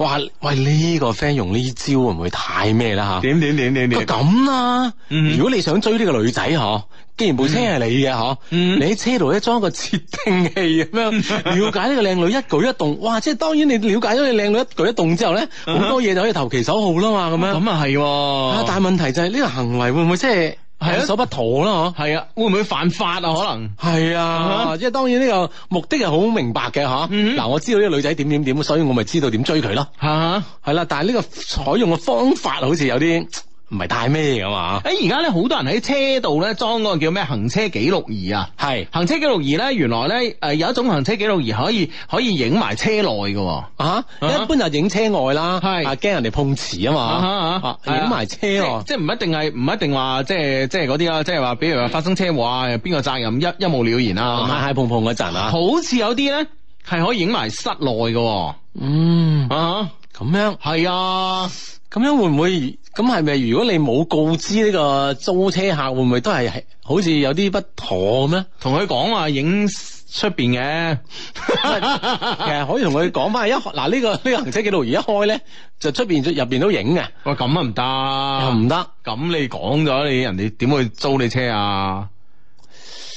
[laughs] 哇，喂，呢、這個 friend 用呢招，會唔會太咩啦吓？點，點點點點點。咁啊，嗯、哼如果你想追呢個女仔嗬。既然部車係你嘅嗬，嗯、你喺車度咧裝個竊聽器咁樣， [laughs] 了解呢個靚女一舉一動，哇！即係當然你了解咗你靚女一舉一動之後咧，好、uh huh. 多嘢就可以投其所好啦嘛，咁、啊、樣、啊。咁啊係，但係問題就係、是、呢、這個行為會唔會即係有所不妥啦？嗬，係啊，會唔會犯法啊？可能係 [laughs] 啊，即係當然呢個目的係好明白嘅嗬。嗱、uh huh. 啊，我知道呢個女仔點點點，所以我咪知道點追佢咯。吓、uh，係、huh. 啦、啊，但係呢個採用嘅方法好似有啲。唔係太咩噶嘛？誒，而家咧好多人喺車度咧裝嗰個叫咩行車記錄儀啊？係行車記錄儀咧，原來咧誒有一種行車記錄儀可以可以影埋車內噶，吓一般就影車外啦，係啊，驚人哋碰瓷啊嘛，影埋車，即係唔一定係唔一定話即係即係嗰啲啦，即係話比如話發生車禍啊，邊個責任一一目了然啊，揩揩碰碰嗰陣啊，好似有啲咧係可以影埋室內噶，嗯啊咁樣係啊，咁樣會唔會？咁係咪如果你冇告知呢個租車客，會唔會都係好似有啲不妥咩？同佢講話影出邊嘅，啊、面 [laughs] [laughs] 其實可以同佢講翻，一嗱呢個呢、呢個行車記錄儀一開咧，就出邊入邊都影嘅。喂、哦，咁啊唔得，又唔得，咁你講咗，你人哋點會租你車啊？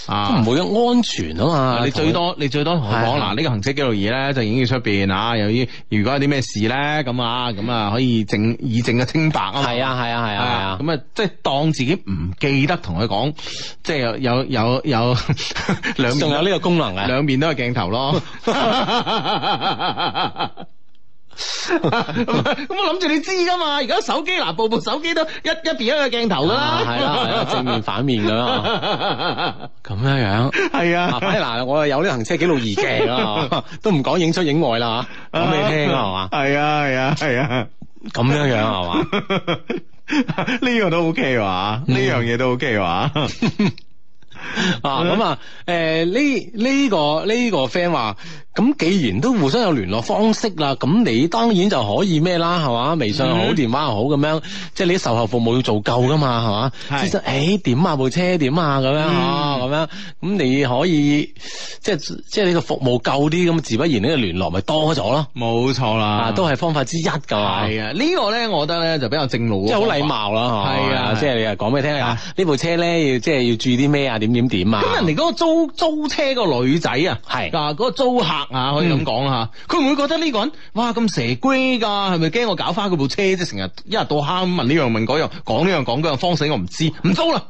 啊，唔會啊，安全啊嘛，啊！你最多，你最多同佢講嗱，呢的、啊、個行車記錄儀咧就影住出邊吓，由於如果有啲咩事咧咁啊，咁啊可以證以證嘅清白啊嘛。係啊，係啊，係啊，係啊。咁啊，即係當自己唔記得同佢講，即係有有有有兩仲 [laughs] 都有呢個功能啊，兩面都係鏡頭咯。 [laughs] [laughs] 咁我諗住你知噶嘛？而家手機嗱部部手機都一一邊一個鏡頭噶啦，係啦、啊啊，正面反面噶啦，咁 [laughs] 樣樣。係啊，嗱、啊，我又有呢個行車記錄儀鏡啊，都唔講影出影外啦，講咩聽啊？係嘛？係啊，係啊，係啊，咁樣樣係嘛？呢、啊、樣 [laughs] 都 OK 哇、啊？呢樣嘢都 OK 哇、啊？ [laughs] 啊咁啊，誒呢呢個呢個 friend 話，咁既然都互相有聯絡方式啦，咁你當然就可以咩啦，係嘛？微信又好，電話又好，咁樣，即係你啲售後服務要做夠噶嘛，係嘛？即係誒，點啊部車點啊咁樣哦，咁樣，咁你可以即係即係你個服務夠啲，咁自不然呢個聯絡咪多咗咯，冇錯啦，都係方法之一噶。係啊，呢個咧，我覺得咧就比較正路，即係好禮貌啦，係啊，即係講俾你聽啊，呢部車咧要即係要注意啲咩啊？點點點啊！咁人哋嗰個租租車個女仔啊，係啊嗰個租客啊，可以咁講啊。佢唔會覺得呢個人哇咁蛇龜噶，係咪驚我搞花佢部車啫？成日一日到黑咁問呢樣問嗰樣，講呢樣講嗰樣，慌死我唔知，唔租啦！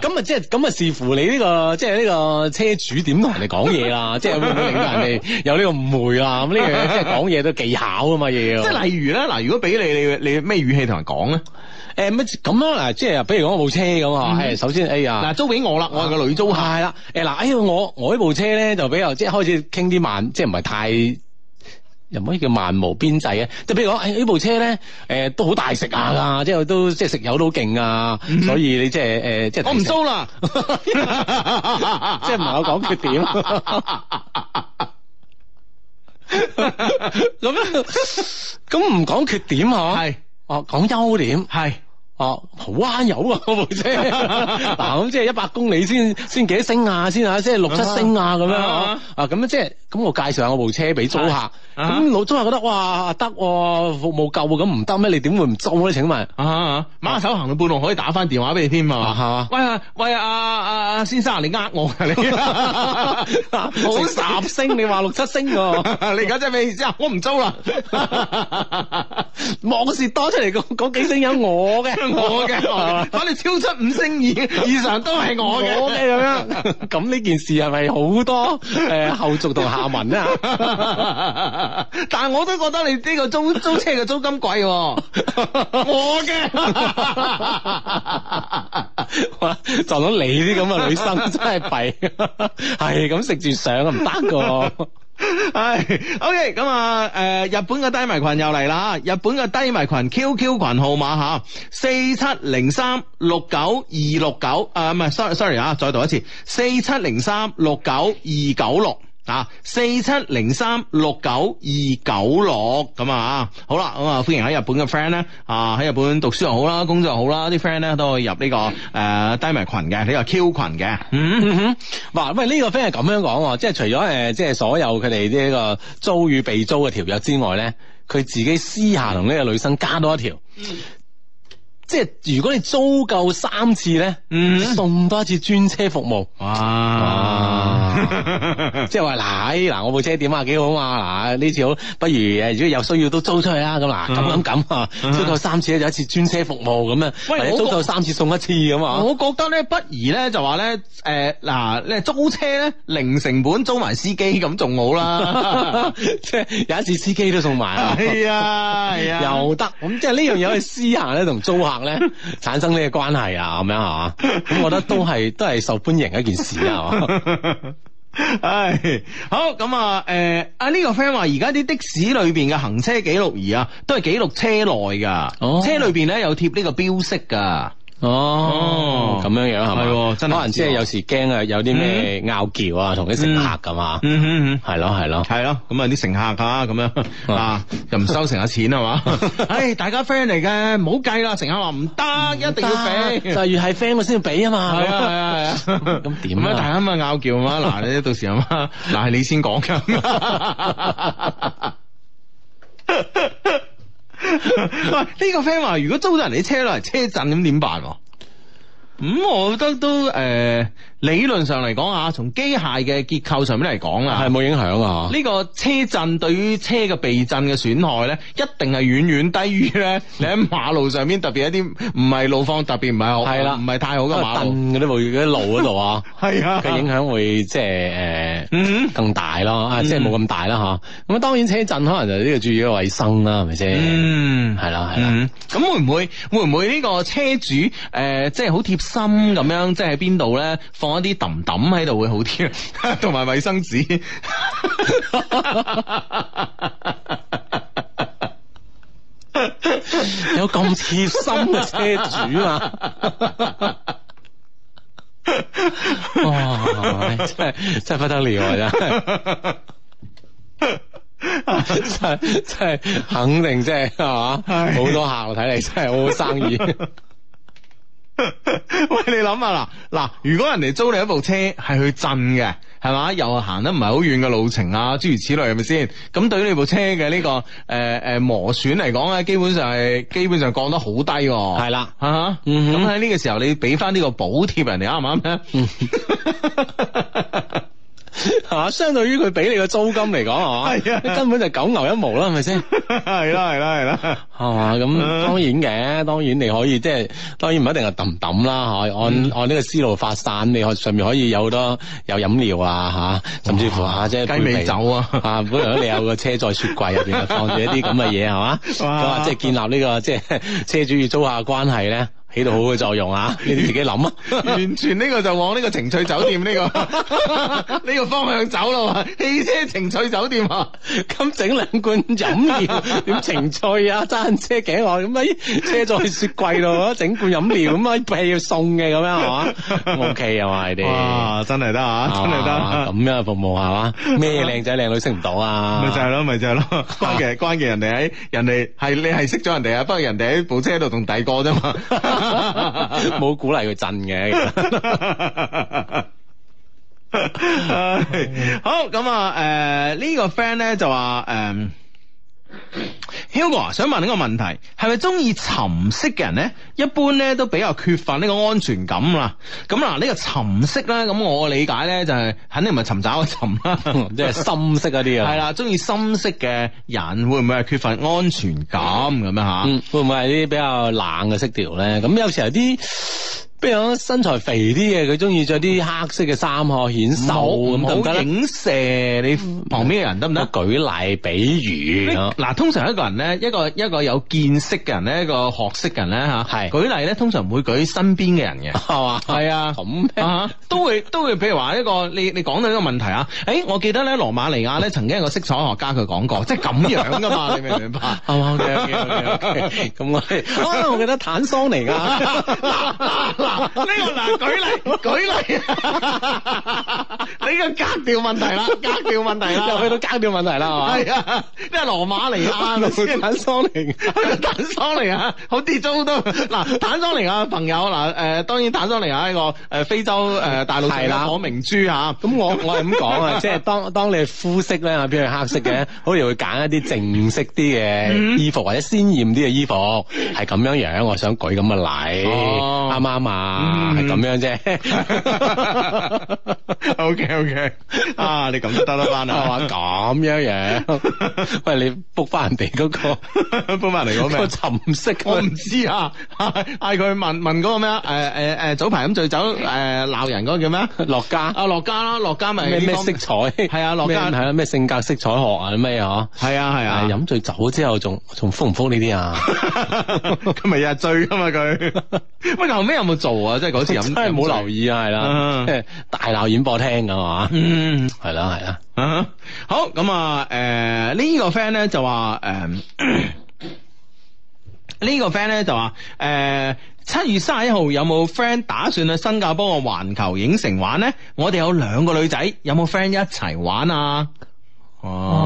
咁啊即係咁啊視乎你呢個即係呢個車主點同人哋講嘢啦，即係會唔會令到人哋有呢個誤會啦？咁呢樣即係講嘢都技巧啊嘛，嘢要即係例如咧嗱，如果俾你你你咩語氣同人講咧？誒，乜咁啦？嗱，即係比如講部車咁啊。首先，哎呀，嗱，租俾我啦，我係個女租客啦。誒哇，嗱，哎呀，我我呢部車咧就比較即係開始傾啲慢，即係唔係太又唔可以叫漫無邊際啊。即係比如講，呢部車咧，誒、呃，都好大食下啊，嗯，即係都即係食友都勁啊。嗯，嗯，所以你即係誒，即係我唔租啦。 [laughs] 即係唔係我講缺點。咁樣咁唔講缺點吓，係。哦，講優點係，是哦好慳油啊，部車，嗱咁即係一百公里先先幾多升啊，先啊，即係六七升啊咁樣啊咁樣即係，咁我介紹下我部車俾租客。 [laughs] 咁老中係覺得哇得、哦、服務夠咁唔得咩？你點會唔租咧？請問，馬手行到半路可以打翻電話俾你添嘛？係、啊、嘛？喂喂、啊，阿阿先生，你呃我噶？你好 [laughs] [laughs] 十星，你話六七星噶？你而家真係咩意思啊？我唔租啦。網 [laughs] 事多出嚟，嗰嗰幾星有我嘅，我嘅， [laughs] 反正超出五星以上都係我嘅咁樣。咁 [laughs] 呢我的 [laughs] 件事係咪好多誒 [laughs] 後續同下文咧？ [laughs] [laughs] 但係我都覺得你呢個租租車嘅租金貴、啊， [laughs] 我嘅的撞 [laughs] 到你啲咁嘅女生真係弊，係咁食住上唔得噶，係。O K，咁啊，誒、okay, 嗯，日本嘅低迷群又嚟啦，日本嘅低迷群 Q Q 群號碼吓，四七零三六九二六九，啊唔係，sorry sorry 啊，再讀一次，四七零三六九二九六。嗱，四七零三六九二九六，咁啊，好啦，咁啊歡迎喺日本嘅 friend 咧，啊喺日本讀書又好啦，工作又好啦，啲 friend 咧都可以入呢、這個誒、呃、低迷群嘅，呢、這個 Q 群嘅、嗯。嗯哼，話、嗯、喂呢、這個 friend 係咁樣講，即係除咗誒，即係所有佢哋呢個租與被租嘅條約之外咧，佢自己私下同呢個女生加多一條。嗯即係如果你租夠三次咧，送多一次專車服務。哇！即係話嗱，嗱我部車點啊，幾好嘛！嗱呢次好，不如如果有需要都租出去啦。咁啊，咁咁咁啊，租夠三次就一次專車服務咁樣，或者租夠三次送一次咁啊。我覺得咧，不如咧就話咧，誒嗱，咧租車咧零成本租埋司機咁仲好啦。即係有一次司機都送埋。係啊，係啊。又得咁，即係呢樣嘢可以私下咧同租客。咧產生呢個關係啊，咁樣吓，咁 [laughs] 我覺得都係都係受歡迎一件事啊，係嘛？唉，好，咁、呃、啊，誒，阿呢個 friend 話而家啲的士裏邊嘅行車記錄儀啊，都係記錄車內噶，哦、車裏邊咧有貼呢個標識噶。哦，咁樣樣係嘛？可能即係有時驚啊，有啲咩拗撬啊，同啲乘客噶嘛，係咯係咯，係咯，咁啊啲乘客啊咁樣啊，又唔收成客錢係嘛？唉，大家 friend 嚟嘅，唔好計啦，乘客話唔得，一定要俾，就係越係 friend 我先要俾啊嘛，係啊係啊係啊，咁點啊？咁啊大家咪拗撬啊嘛，嗱你到時啊嘛，嗱係你先講噶。喂， [laughs] 呢個 friend 話如果租咗人哋車落嚟車震，咁點辦？咁、嗯、我覺得都誒。呃理論上嚟講啊，從機械嘅結構上面嚟講啊，係冇影響啊！呢個車震對於車嘅避震嘅損害咧，一定係遠遠低於咧你喺馬路上邊特別一啲唔係路況特別唔係好，係啦，唔係的太好嘅馬路嗰啲的路嗰度啊，係啊嘅影響會即係誒，就是呃嗯、更大咯啊，即係冇咁大啦嚇。咁啊、嗯，當然車震可能就呢個注意個衞生啦，係咪先？嗯，係啦的，係啦、嗯。咁、嗯、會唔會會唔會呢個車主誒，即係好貼心咁樣，即係喺邊度咧放？攞啲氹氹喺度會好啲，同埋衛生紙， [laughs] [laughs] 有咁貼心嘅車主啊！ [laughs] 哇，哎、真係真係不得了啊！ [laughs] [laughs] [laughs] 真係真係肯定、就是、是 [laughs] 真係係嘛，好多客睇嚟真係好好生意。 [laughs] [laughs] 喂，你諗下啦，嗱，如果人哋租你一部車係去鎮嘅，係嘛，又行得唔係好遠嘅路程啊，諸如此類，係咪先？咁對於你部車嘅呢、這個誒誒、呃、磨損嚟講咧，基本上係基本上降得好低喎。係啦了，吓、uh，咁喺呢個時候你俾翻呢個補貼人哋啱唔啱咧？ [laughs] [laughs] 吓， [laughs] 相對於佢俾你個租金嚟講，係嘛？係啊，你根本就九牛一毛啦，係咪先？係啦，係啦，係啦，係嘛？咁當然嘅，當然你可以即係，當然唔一定係抌抌啦，可按、嗯、按呢個思路發散，你可上面可以有好多有飲料啊，吓，甚至乎啊，即係雞尾酒啊，啊，如果你有個車載雪櫃入邊就放住一啲咁嘅嘢，係嘛？咁啊，即係、啊、建立呢、這個即係、就是、車主與租客關係咧。起到好嘅作用啊！你哋自己諗啊！ [laughs] 完全呢個就往呢個情趣酒店呢個呢 [laughs] [laughs] 個方向走咯，啊，汽車情趣酒店啊！咁整兩罐飲料，點情趣啊？揸緊車頸外咁喺車載雪櫃度啊，整罐飲料咁啊，係要送嘅咁樣係嘛？O K 啊嘛，你啊真係得啊，真係得咁樣服務係嘛？咩靚仔靚女識唔到啊？咪 [laughs] [laughs] 就係咯，咪就係、是、咯，關鍵關鍵人哋喺人哋係 [laughs] 你係識咗人哋啊，不過人哋喺部車度同第二個啫嘛。 [laughs] 冇 [laughs] 鼓勵佢震嘅，好咁啊！誒、uh,，呢個 friend 咧就話誒。Um Hugo 想問呢個問題，係咪中意沉色嘅人咧，一般咧都比較缺乏呢個安全感啦。咁、嗯、嗱，呢、這個沉色咧，咁我理解咧就係、是，肯定唔係尋找個沉啦，即 [laughs] 係 [laughs] 深色嗰啲啊。係啦，中意深色嘅人會唔會係缺乏安全感咁樣吓？嗯，會唔會係啲比較冷嘅色調咧？咁有時有啲。譬如身材肥啲嘅，佢中意着啲黑色嘅衫嗬，顯瘦咁。得影射你旁邊嘅人，得唔得舉例比喻？嗱，通常一個人咧，一個一個有見識嘅人咧，一個學識嘅人咧吓，係舉例咧，通常唔會舉身邊嘅人嘅，係嘛？係啊，咁都會都會，譬如話一個你你講到呢個問題啊，誒，我記得咧，羅馬尼亞咧曾經有個色彩學家佢講過，即係咁樣噶嘛，你明唔明白？啱啱咁我我記得坦桑嚟噶。呢個嗱，舉例舉例你個格調問題啦，格調問題啦，又去到格調問題啦，係嘛？係啊，呢係羅馬尼亞坦桑尼亞，坦桑尼亞，好跌咗好多。嗱，坦桑尼亞，朋友嗱，誒，當然坦桑尼亞，呢個誒非洲誒大陸上嘅一顆明珠吓。咁我我係咁講啊，即係當當你係膚色咧，偏向黑色嘅，好似會揀一啲正式啲嘅衣服或者鮮艷啲嘅衣服，係咁樣樣。我想舉咁嘅例，啱唔啱啊？啊，係咁、嗯、樣啫。OK，OK 啊，你咁就得得翻 [laughs] 啊？咁樣樣， [laughs] 喂，你卜翻人哋嗰、那個，卜翻人哋嗰個咩？個沉色，我唔知啊。嗌佢問問嗰個咩、呃呃呃、家啊？誒誒誒，早排飲醉酒誒鬧人嗰個叫咩？樂嘉 [laughs] 啊，樂嘉咯，樂嘉咪咩咩色彩係啊？樂嘉係啊？咩性格色彩學 [laughs] 啊？咩啊？嗬？係啊，係啊。飲醉酒之後，仲仲復唔復呢啲啊？佢咪日日醉噶嘛？佢喂，後尾有冇做？即係嗰時咁，真係冇留意啊，係啦、嗯哼，即係大鬧演播廳㗎嘛，係啦、嗯哼，係啦，嗯、哼好咁啊，誒呢、呃這個 friend 咧，就話，誒、呃、呢、這個 friend 咧就話，誒、呃、七月卅一號有冇 friend 打算去新加坡嘅環球影城玩咧？我哋有兩個女仔，有冇 friend 一齊玩啊？哦、嗯。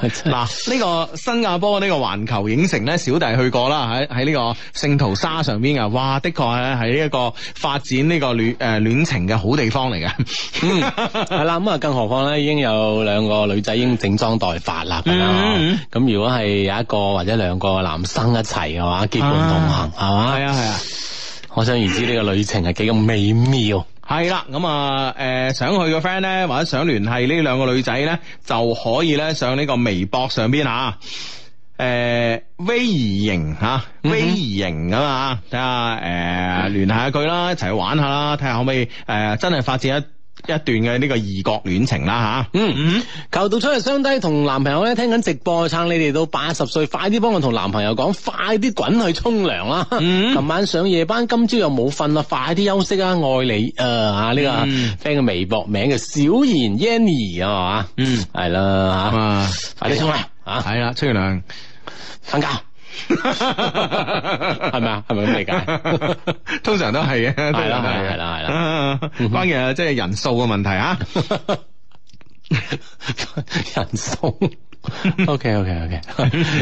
嗱是，呢、這個新加坡呢個環球影城咧，小弟去過啦，喺喺呢個聖淘沙上邊啊，哇，的確係喺一個發展呢個戀誒戀情嘅好地方嚟嘅。 [laughs] 嗯，係啦，咁啊，更何況咧已經有兩個女仔已經整裝待發啦，咁樣、嗯嗯，咁如果係有一個或者兩個男生一齊嘅話，結伴同行係嘛，係啊，係吧啊，可、啊、想而知呢個旅程係幾咁美妙。係啦，咁啊，誒、呃，想去嘅 friend 咧，或者想聯繫呢兩個女仔咧，就可以咧上呢個微博上邊吓，誒、啊呃、，v 型吓、啊、，v 型瑩噶嘛，睇、啊呃、下誒，聯繫下佢啦，一齊玩下啦，睇下可唔可以誒、呃，真係發展一。一段嘅呢個異國戀情啦吓，啊、嗯，求到出嚟雙低同男朋友咧聽緊直播，撐你哋到八十歲，快啲幫我同男朋友講，快啲滾去沖涼啦！琴、啊嗯、晚上夜班，今朝又冇瞓啦，快啲休息啊，愛你啊！呢、啊這個 friend 嘅、嗯、微博名嘅小然 Yanny 係嘛，anny，啊、嗯，係啦吓，快啲沖涼吓，係、啊、啦，沖涼瞓覺。 [laughs] 係咪啊？係咪咁理解？通常都係嘅，係啦，係啦，係啦，關鍵啊，即係人數嘅問題啊。人數。OK OK OK，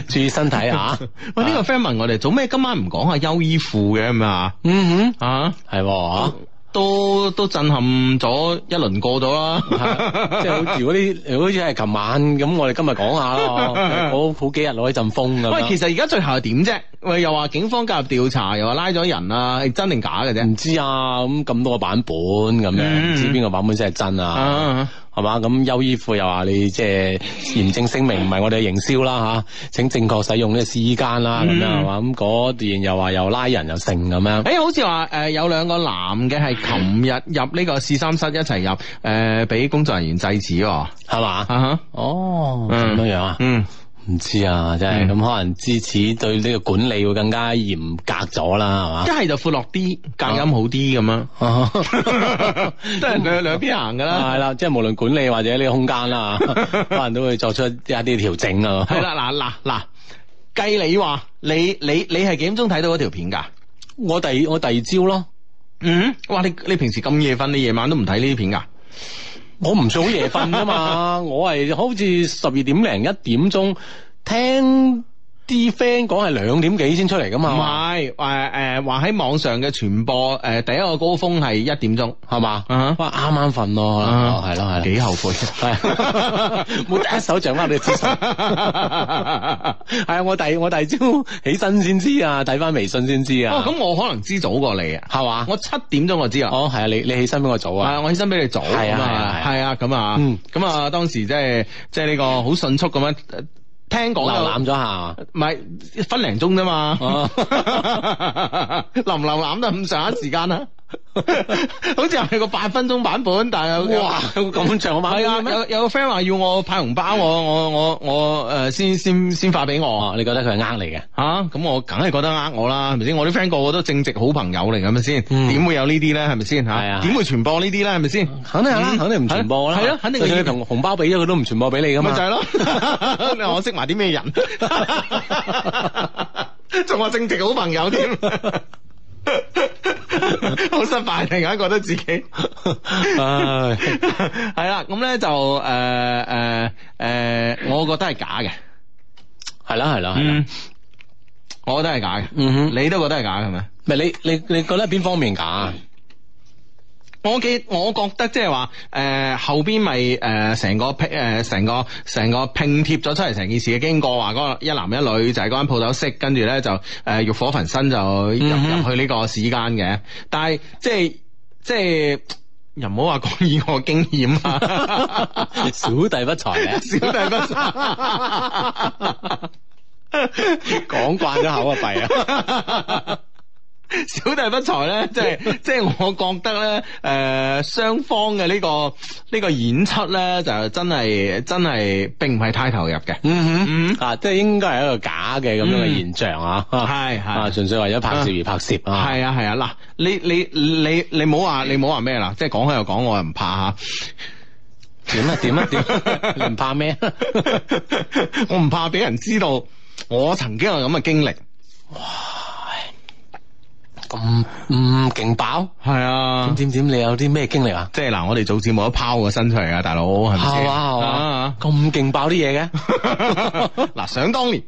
注意身體啊！喂，呢個 friend 問我哋做咩今晚唔講下優衣庫嘅咁啊？嗯哼，啊係啊。都都震撼咗一輪過咗啦，即係好似嗰啲，好似係琴晚咁，我哋今日講下咯，好好幾日攞一陣風咁。喂，其實而家最後係點啫？喂，又話警方介入調查，又話拉咗人啊，係真定假嘅啫？唔知啊，咁咁多個版本咁樣，唔、mm hmm. 知邊個版本先係真啊？ [laughs] [laughs] 係嘛？咁優衣庫又話，你即係嚴正聲明，唔係我哋嘅營銷啦吓，請正確使用呢個試衣間啦咁樣，係嘛？咁嗰段又話又拉人又剩咁樣。誒，好似話誒有兩個男嘅係琴日入呢個試衫室一齊入，誒俾工作人員制止，係啦吓，哦，咁樣樣啊？嗯。 [noise] 嗯 [noise] 嗯唔知啊，真係咁、嗯、可能至此對呢個管理會更加嚴格咗啦，係嘛、嗯？吧一係就闊落啲，隔音好啲咁樣， [laughs] [laughs] 都係兩兩邊行噶啦。係啦、啊，即係無論管理或者呢個空間啦， [laughs] 可能都會作出一啲調整 [laughs] 啊。係啦，嗱嗱嗱，計你話你你你係幾點鐘睇到嗰條片噶？我第我第二朝咯。嗯？哇！你你，你平時咁夜瞓，你夜晚都唔睇呢啲片噶？我唔算好夜瞓噶嘛， [laughs] 我係好似十二點零一點鐘聽。.啲 friend 講係兩點幾先出嚟噶嘛？唔係，誒誒，話喺網上嘅傳播，誒，第一個高峰係一點鐘，係嘛？啊，啱啱瞓咯，係咯，係咯，幾後悔，係冇第一手掌握你資訊，係啊，我第我第二朝起身先知啊，睇翻微信先知啊。咁我可能知早過你啊，係嘛？我七點鐘我知啊。哦，係啊，你你起身比我早啊？係啊，我起身比你早。係啊，係啊，係啊，咁啊，咁啊，當時即係即係呢個好迅速咁樣。聽講啊，瀏覽咗下，唔係分零鐘啫嘛， [laughs] [laughs] 瀏唔瀏覽得咁長時間啊？ [laughs] [laughs] 好似係個八分鐘版本，但係哇咁長，係啊！ [laughs] 有有個 friend 話要我派紅包，我我我我誒、呃，先先先發俾我，你覺得佢係呃你嘅吓？咁我梗係覺得呃我啦，係咪先？我啲 friend 個個都正直好朋友嚟咁先，點會有呢啲咧？係咪先吓？點會傳播呢啲咧？係咪先？肯定肯定唔傳播啦，係咯，肯定佢同紅包俾咗佢都唔傳播俾你咁咪就係咯。你話我識埋啲咩人，仲話正直好朋友添。好 [laughs] 失敗，突然間覺得自己，唉，係、呃、啦，咁咧就誒誒誒，我覺得係假嘅，係啦係啦係啦， [coughs] [coughs] 我覺得係假嘅，嗯哼， [coughs] [coughs] 你都覺得係假嘅係咪？係你你你覺得邊方面假啊？ [coughs] 我記，我覺得即係話，誒、呃、後邊咪誒成個誒成個成個拼貼咗出嚟，成件事嘅經過，話嗰一男一女就係嗰間鋪頭識，跟住咧就誒欲、呃、火焚身就入入去呢個市間嘅，嗯、哼但係即係即係，又唔好話講以我經驗啊，小弟不才啊，小弟不才，講慣咗口啊弊啊。 [laughs] 小弟不才咧，即係即係，我覺得咧，誒、呃，雙方嘅呢個呢個演出咧，就真係真係，並唔係太投入嘅。嗯哼，啊，即係應該係一個假嘅咁樣嘅現象啊。係係，純粹為咗拍攝而拍攝啊。係啊係啊，嗱，你你你你唔好話你唔好話咩啦，即係講開又講，我又唔怕吓。點啊點啊點，你唔怕咩？我唔怕俾人知道我曾經有咁嘅經歷。哇！咁咁勁爆係啊！點點點，你有啲咩經歷啊？即係嗱，我哋早前冇得拋個身出嚟啊，大佬係咪先？係咁勁爆啲嘢嘅。嗱，想當年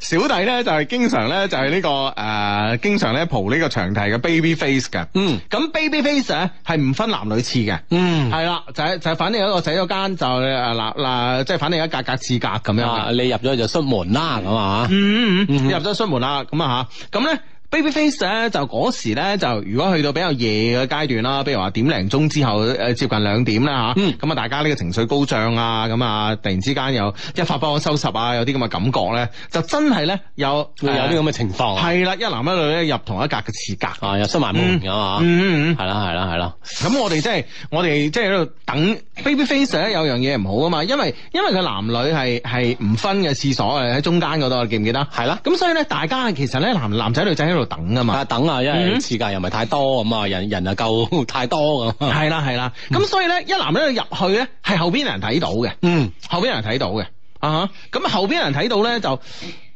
小弟咧就係經常咧就係呢個誒，經常咧蒲呢個長堤嘅 baby face 嘅。嗯。咁 baby face 咧係唔分男女廁嘅。嗯。係啦，就係就係，反正有一個洗咗間就誒嗱嗱，即係反正有一格格廁格咁樣。你入咗就出門啦，咁啊嗯嗯嗯。你入咗出門啦，咁啊吓，咁咧。Baby Face 咧就嗰時咧就如果去到比較夜嘅階段啦，比如話點零鐘之後誒接近兩點啦吓，咁啊、嗯、大家呢個情緒高漲啊，咁啊突然之間有一發不可收拾啊，有啲咁嘅感覺咧，就真係咧有，呃、有有啲咁嘅情況，啊，係啦，一男一女咧入同一格嘅廁格啊，又閂埋門咁啊、嗯，嗯嗯嗯，係啦係啦係啦，咁我哋即係我哋即係喺度等 Baby Face 咧有樣嘢唔好啊嘛，因為因為佢男女係係唔分嘅廁所啊，喺中間嗰度你記唔記得？係啦的，咁所以咧大家其實咧男男仔女仔喺度。等啊嘛，等啊，因為次價又唔係太多咁啊、嗯，人人又夠太多咁。係啦係啦，咁、嗯、所以咧，一男一女入去咧，係後邊人睇到嘅，嗯，後邊人睇到嘅啊哈，咁後邊人睇到咧就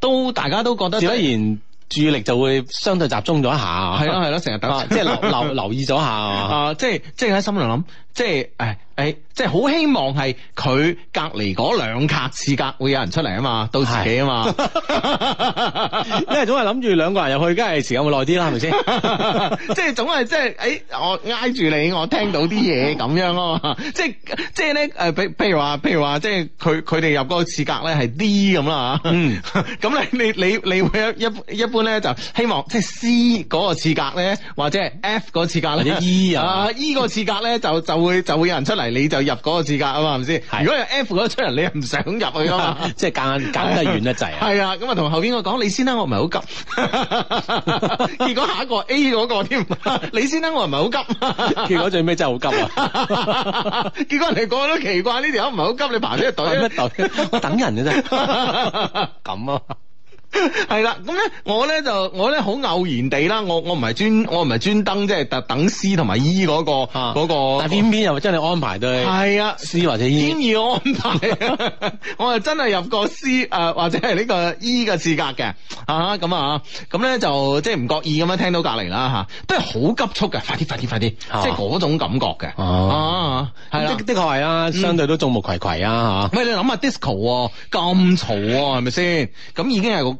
都大家都覺得，自然注意力就會相對集中咗一下，係咯係咯，成日等， [laughs] 即係留留留意咗下 [laughs] 啊，即係即係喺心度諗。即係誒誒，即係好希望係佢隔籬嗰兩格廁格會有人出嚟啊嘛，到自己啊嘛，因為 [laughs] 總係諗住兩個人入去，梗係時間會耐啲啦，係咪先？即係總係即係誒，我挨住你，我聽到啲嘢咁樣咯，啊，即係即係咧誒，譬譬如話，譬如話，即係佢佢哋入嗰個廁格咧係 D 咁啦吓，咁你你你你會一一般咧就希望即係 C 嗰個廁格咧，或者係 F 嗰廁格咧，或者 E 啊，啊，E 個廁格咧就就。就就就會就會有人出嚟，你就入嗰個字格啊嘛，係咪先？是的 如果係 F 嗰出嚟，你又唔想入去啊嘛 [laughs] 即，即係隔硬隔得遠 [laughs] 得滯啊！係啊，咁啊同後邊個講，你先啦，我唔係好急。 [laughs] 結果下一個 A 嗰、嗰個添， [laughs] 你先啦，我唔係好急。 [laughs] 結果最尾真係好急啊！ [laughs] 結果人哋嗰個都奇怪，呢條友唔係好急，你排咗隊乜隊？我等人嘅啫。咁啊。係 [laughs] 啦， [laughs] 咁咧我咧就我咧好偶然地啦，我我唔係專我唔係專登，即係、就是、特等師同埋醫嗰個個，啊那個、但偏偏又係真係安排對，係啊，師或者醫，天意安排， [laughs] [laughs] 我係真係入過師誒、呃，或者係呢個醫嘅資格嘅，吓咁啊，咁咧就即係唔覺意咁樣聽到隔籬啦吓，都係好急促嘅，快啲快啲快啲，即係嗰種感覺嘅，哦，係啦，的確係啊，相對都眾目睽睽啊吓，喂、啊啊啊嗯嗯、你諗下 disco 喎、啊，咁嘈喎，係咪先？咁已經係個。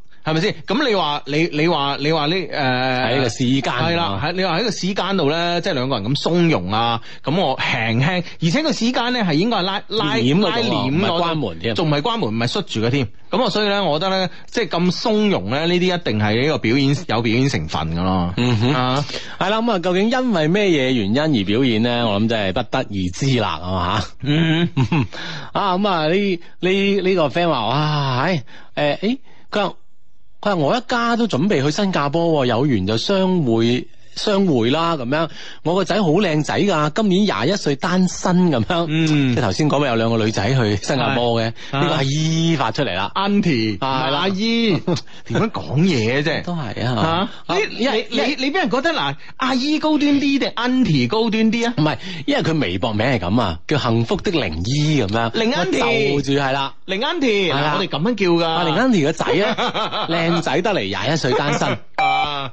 係咪先？咁你話你你話你話呢？誒，喺、呃、個時間係啦，喺的你話喺個時間度咧，即係兩個人咁鬆容啊。咁我輕輕，而且個時間咧係應該係拉拉拉簾，關門仲唔係關門，唔係縮住嘅添。咁啊，嗯、所以咧，我覺得咧，即係咁鬆容咧，呢啲一定係呢個表演有表演成分噶咯。Mm hmm. 啊、嗯哼，係啦。咁啊，究竟因為咩嘢原因而表演咧？我諗真係不得而知啦。 [laughs] [laughs] 啊嘛，啊咁啊，呢呢呢個 friend 話哇，誒、哎、誒，佢。欸欸欸哎佢話，我一家都準備去新加坡，有緣就相會。相會啦咁樣，我個仔好靚仔噶，今年廿一歲單身咁樣。嗯，即係頭先講咪有兩個女仔去新加坡嘅，呢個阿姨發出嚟啦。Auntie 係啦，阿姨點樣講嘢啫？都係啊！嚇，你你俾人覺得嗱，阿姨高端啲定 Auntie 高端啲啊？唔係，因為佢微博名係咁啊，叫幸福的靈姨咁樣。靈 Auntie 住係啦。靈 Auntie 係我哋咁樣叫㗎。靈 Auntie 嘅仔啊，靚仔得嚟，廿一歲單身。啊！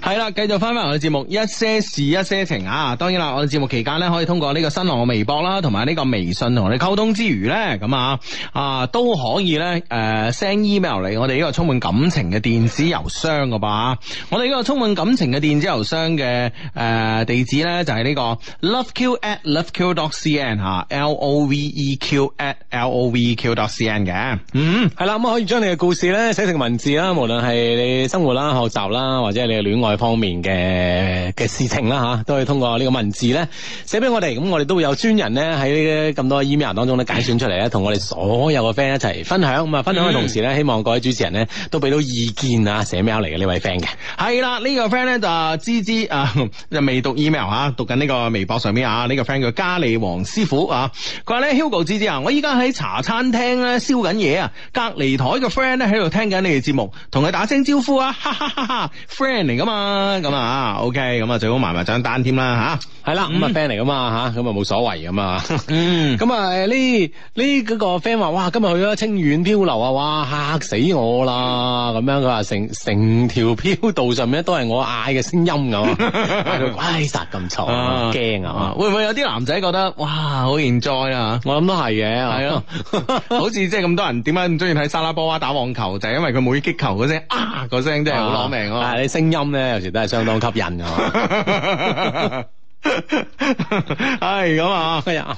係啦，繼續翻翻我哋節目，一些事，一些情啊！當然啦，我哋節目期間咧，可以通過呢個新浪嘅微博啦、啊，同埋呢個微信同我哋溝通之餘咧，咁啊啊都可以咧，誒、呃、send email 嚟，我哋呢個充滿感情嘅電子郵箱嘅吧。我哋呢個充滿感情嘅電子郵箱嘅誒、呃、地址咧，就係、是、呢個 loveq@loveq.cn 吓、啊、L O V E Q@L O V E Q. dot c n 嘅。嗯，係啦，咁可以將你嘅故事咧寫成文字啦，無論係你生活啦、學習啦，或者係你。戀愛方面嘅嘅事情啦吓，都可以通過呢個文字咧寫俾我哋，咁我哋都會有專人咧喺呢啲咁多 email 當中咧揀選出嚟咧，同我哋所有嘅 friend 一齊分享。咁啊，分享嘅同時咧，希望各位主持人咧都俾到意見啊，寫 mail 嚟嘅呢位 friend 嘅。係啦，呢個 friend 咧就芝芝啊，未讀 email 啊，讀緊呢個微博上面啊，呢、呢個 friend 叫嘉利黃師傅啊，佢話咧 Hugo 芝芝啊，我依家喺茶餐廳咧燒緊嘢啊，隔籬台嘅 friend 咧喺度聽緊你哋節目，同佢打聲招呼啊，哈哈哈哈，friend。嚟噶嘛，咁啊，OK，咁啊，okay，最好埋埋張單添啦，吓、啊。係啦，咁、嗯嗯、啊 friend 嚟噶嘛嚇，咁啊冇所謂咁嘛？嗯、啊，咁啊呢呢嗰個 friend 話，哇，今日去咗清遠漂流啊，哇嚇死我啦！咁樣佢話成成條漂道上面都係我嗌嘅聲音咁，鬼殺咁嘈，驚啊嘛！會唔會有啲男仔覺得哇好 enjoy 啊？我諗都係嘅，係、啊、咯，對了 [laughs] 好似即係咁多人點解唔中意睇沙拉波娃打網球？就係、是、因為佢每擊球嗰聲啊嗰聲真係好攞命啊！你聲音咧有時都係相當吸引嘅。 [laughs] [laughs] [laughs] 係咁啊！哎呀，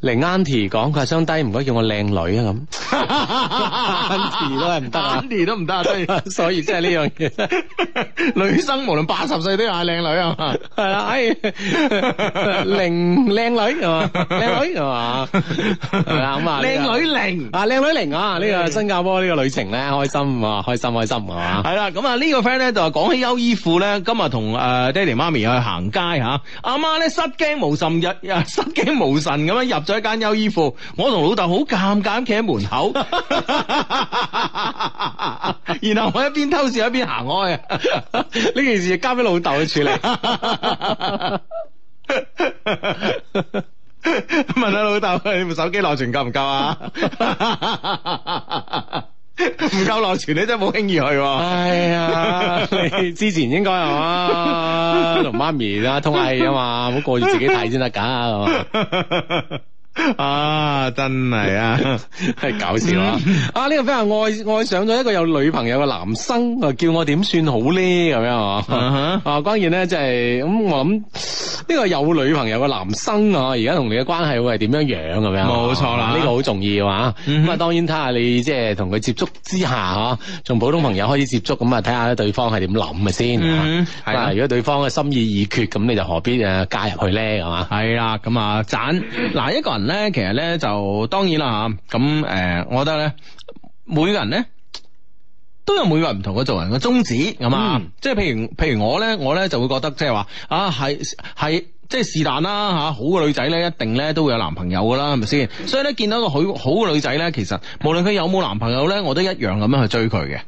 玲 Annie 講佢係雙低，唔該叫我靚女啊咁。Annie 都係唔得，Annie 都唔得，所以所以即係呢樣嘢，女生無論八十歲都要嗌靚女啊嘛，係啦，哎，玲靚女係嘛，靚女係嘛，係啦咁啊，靚女玲啊，靚女玲啊，呢個新加坡呢個旅程咧開心啊，開心開心係嘛，係啦，咁啊呢個 friend 咧就係講起優衣庫咧，今日同誒爹哋媽咪去行街吓。阿媽咧失驚無神日，失驚無神咁樣入咗一間優衣庫，我同老豆好尷尬企喺門口， [laughs] [laughs] 然後我一邊偷笑一邊行開啊！呢 [laughs] 件事交俾老豆去處理，問下老豆你部手機內存夠唔夠啊？ [laughs] 唔 [laughs] 夠，落全你真係冇興意去喎、啊。 [laughs] 哎呀，你之前應該係、啊、嘛，同媽咪啊通下氣啊嘛，好過住自己睇先得，㗎係嘛。啊 [laughs] 啊，真係啊，係搞笑啊！啊，呢、這個非常 i 愛愛上咗一個有女朋友嘅男生，啊，叫我點算好咧？咁樣啊，啊，關鍵咧即係咁，我諗呢個有女朋友嘅男生啊，而家同你嘅關係會係點樣樣咁樣？冇錯啦，呢、嗯、個好重要啊。咁啊，當然睇下你即係同佢接觸之下，嗬、啊，從普通朋友開始接觸，咁啊，睇下對方係點諗嘅先。係啦、嗯，是是如果對方嘅心意已決，咁你就何必啊加入去咧？係嘛？係啦，咁啊，賺嗱一個人。咧，其實咧就當然啦吓，咁、啊、誒、呃，我覺得咧，每個人咧都有每個人唔同嘅做人嘅宗旨，咁啊，即係、嗯、譬如譬如我咧，我咧就會覺得即係話啊，係係即係是但啦吓，好嘅女仔咧，一定咧都會有男朋友噶啦，係咪先？所以咧，見到個好好嘅女仔咧，其實無論佢有冇男朋友咧，我都一樣咁樣去追佢嘅，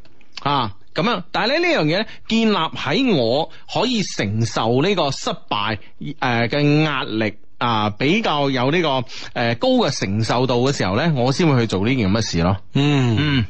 啊，咁樣。但係咧，呢樣嘢咧，建立喺我可以承受呢個失敗誒嘅壓力。啊，比較有呢、這個誒、呃、高嘅承受度嘅時候咧，我先會去做呢件咁嘅事咯。嗯嗯。嗯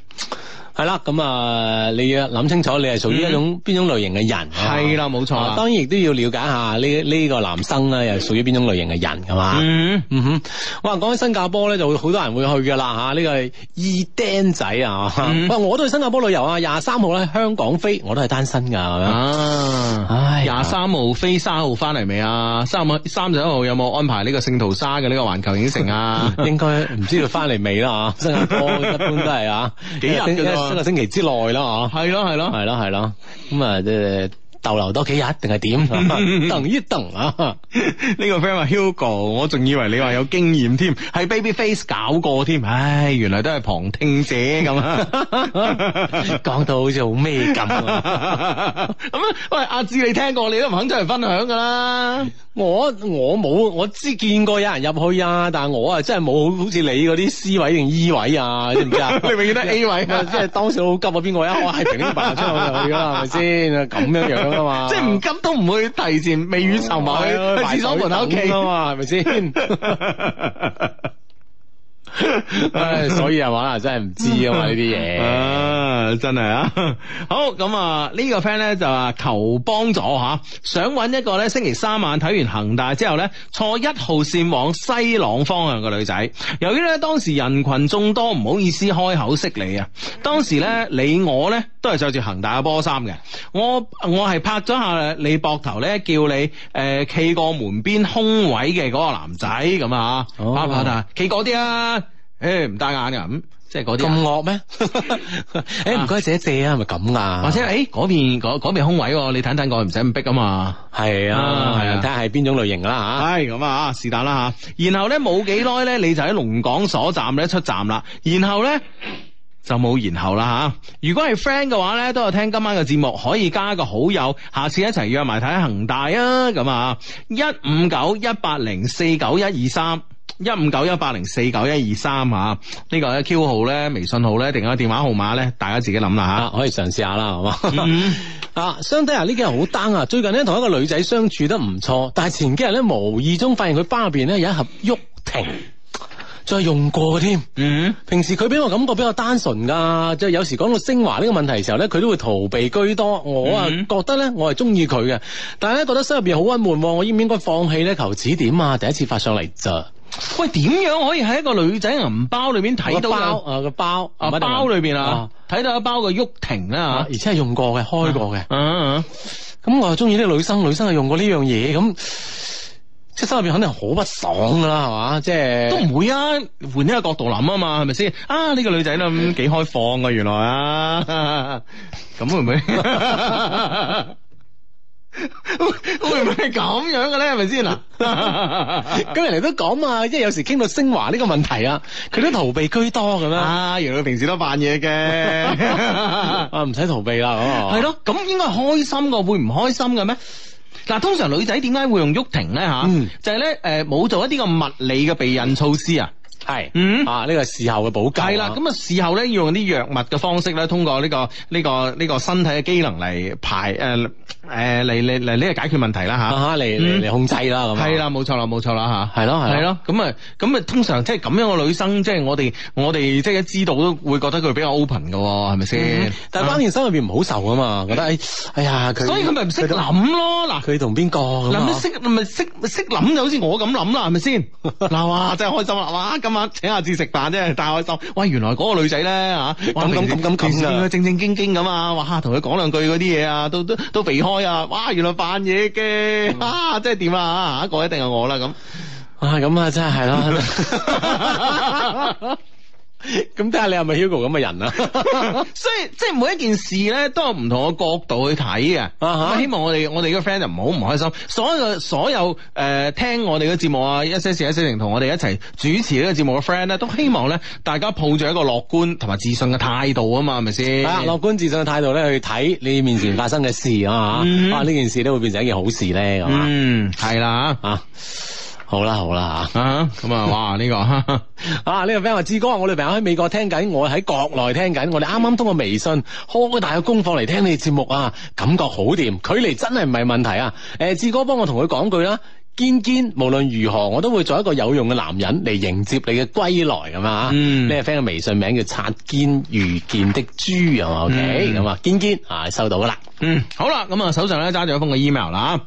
係啦，咁啊，你要諗清楚，你係屬於一種邊種類型嘅人。係啦，冇錯。當然亦都要了解下呢呢個男生咧，又屬於邊種類型嘅人，係嘛。嗯嗯。哇，講起新加坡咧，就好多人會去噶啦吓。呢個係二釘仔啊，喂，我都去新加坡旅遊啊。廿三號咧，香港飛，我都係單身噶。啊，唉。廿三號飛，三十一號翻嚟未啊？三十一，三十一號有冇安排呢個聖淘沙嘅呢個環球影城啊？應該唔知道翻嚟未啦吓。新加坡一般都係啊，幾日一個星期之內啦，哦，係咯係咯係咯係咯，咁啊，即係逗留多幾日一定係點？等一等啊！呢 [laughs] [laughs] 個 friend 話，Hugo，我仲以為你話有經驗添，係 Baby Face 搞過添，唉、哎，原來都係旁聽者咁啊！講 [laughs] 到 [laughs] 好似好咩咁，咁啊，喂，阿志你聽過你都唔肯出嚟分享噶啦。我我冇，我知見過有人入去啊，但係我啊真係冇好似你嗰啲 C 位定 E 位啊，知唔知啊？ [laughs] 你咪記得 A 位啊，即係 [laughs] 當時好急啊，邊個一開屏啲白磚入去噶，係咪先？咁樣樣啊嘛， [laughs] 即係唔急都唔會提前未雨綢繆去廁 [laughs] 所門口企啊嘛，係咪先？唉、 [laughs] 啊，所以 [laughs] 啊，我真係唔知啊嘛呢啲嘢，真係啊。好咁啊，這個、呢個 friend 呢就話、是、求幫助吓、啊，想揾一個呢星期三晚睇完恒大之後呢，坐一號線往西朗方向嘅女仔。由於呢當時人群眾多，唔好意思開口識你啊。當時呢，你我呢都係着住恒大嘅波衫嘅，我我係拍咗下你膊頭呢，叫你誒企、呃、過門邊空位嘅嗰個男仔咁啊，啱唔啱啊，企嗰啲啊。誒，唔、欸、戴眼嘅咁，嗯，即係嗰啲咁惡咩？誒，唔該借借啊，係咪咁噶？或者誒，嗰邊邊空位，啊，你睇睇我唔使咁逼啊嘛。係啊係啊，睇下係邊種類型啦吓。係咁啊，是但啦吓。然後咧，冇幾耐咧，你就喺龍港所站咧出站啦。然後咧就冇然後啦吓，啊。如果係 friend 嘅話咧，都有聽今晚嘅節目，可以加個好友，下次一齊約埋睇恒大啊。咁啊，一五九一八零四九一二三。一五九一八零四九一二三啊！呢、這個係 Q 號咧，微信號咧，定係電話號碼咧？大家自己諗啦吓，可以嘗試下啦，係嘛、mm hmm. 啊？張德仁呢幾日好 down 啊！最近咧同一個女仔相處得唔錯，但係前幾日咧無意中發現佢包入邊咧有一盒毓婷，再用過添。嗯、mm，hmm. 平時佢俾我感覺比較單純噶，即係有時講到升華呢個問題嘅時候咧，佢都會逃避居多。我啊、mm hmm. 覺得咧，我係中意佢嘅，但係咧覺得心入邊好鬱悶。我應唔應該放棄咧？求指點啊！第一次發上嚟就。喂，點樣可以喺一個女仔銀包裏邊睇到個？誒個包啊、那個、包，包裏邊啊，睇到一個包嘅玉婷啦、啊、而且係用過嘅，開過嘅。咁、啊啊啊、我又中意呢個女生，女生係用過呢樣嘢，咁即係心入面肯定好不爽噶啦，係嘛？即係都唔會啊，換一個角度諗啊嘛，係咪先？啊呢、這個女仔都咁幾開放噶，原來啊，咁 [laughs] 會唔不會？ [laughs] [laughs] 會唔會係咁樣嘅咧？係咪先嗱？咁人哋都講啊，因為有時傾到升華呢個問題啊，佢都逃避居多咁樣啊。原來佢平時都扮嘢嘅， [laughs] [laughs] 啊唔使逃避啦，係咯。 [laughs] 咁應該係開心嘅，會唔開心嘅咩？嗱，通常女仔點解會用喐停咧吓？嗯、就係咧誒，冇做一啲個物理嘅避孕措施啊。係，嗯啊呢個事後嘅補救係啦，咁啊事後咧用啲藥物嘅方式咧，通過呢個呢個呢個身體嘅機能嚟排誒誒嚟嚟嚟呢個解決問題啦吓，嚟嚟嚟控制啦咁。係啦，冇錯啦，冇錯啦吓，係咯係咯，咁啊咁啊通常即係咁樣嘅女生，即係我哋我哋即係一知道都會覺得佢比較 open 嘅係咪先？但係翻嚟心入邊唔好受啊嘛，覺得哎呀，所以佢咪唔識諗咯嗱，佢同邊個咁？諗識咪識識諗就好似我咁諗啦，係咪先？嗱哇真係開心啦哇咁。請阿志食飯啫，大開心！喂，原來嗰個女仔咧吓，咁咁咁咁，佢、啊、正正經經咁啊，話同佢講兩句嗰啲嘢啊，都都都避開啊！哇，原來扮嘢嘅，啊，即係點啊？一個一定係我啦咁啊，咁啊，真係係咯。 [laughs] [laughs] [laughs] 咁睇下你係咪 Hugo 咁嘅人啊？ [laughs] [laughs] 所以即係每一件事咧，都有唔同嘅角度去睇嘅。Uh huh. 希望我哋我哋嘅 friend 就唔好唔開心。所有所有誒、呃，聽我哋嘅節目啊，一些事一些情，同我哋一齊主持呢個節目嘅 friend 咧，都希望咧，大家抱住一個樂觀同埋自信嘅態度啊嘛，係咪先？係啊、uh，huh. 樂觀自信嘅態度咧，去睇你面前發生嘅事、uh huh. 啊嘛，啊呢件事都會變成一件好事咧，係嗯、uh，係啦啊。Huh. 的好啦好啦吓，咁啊哇呢個啊，這個、呵呵 [laughs] 啊呢、這個 friend 話志哥，我哋朋友喺美國聽緊，我喺國內聽緊，我哋啱啱通過微信開大嘅功課嚟聽你節目啊，感覺好掂，距離真係唔係問題啊，誒志哥幫我同佢講句啦。堅堅，無論如何，我都會做一個有用嘅男人嚟迎接你嘅歸來，咁、嗯、啊，咩 friend 嘅微信名叫擦肩遇見的豬，係嘛？O K，咁啊，堅、okay? 堅啊，收到噶啦。嗯，好啦，咁啊，手上咧揸住一封嘅 email 啦、啊。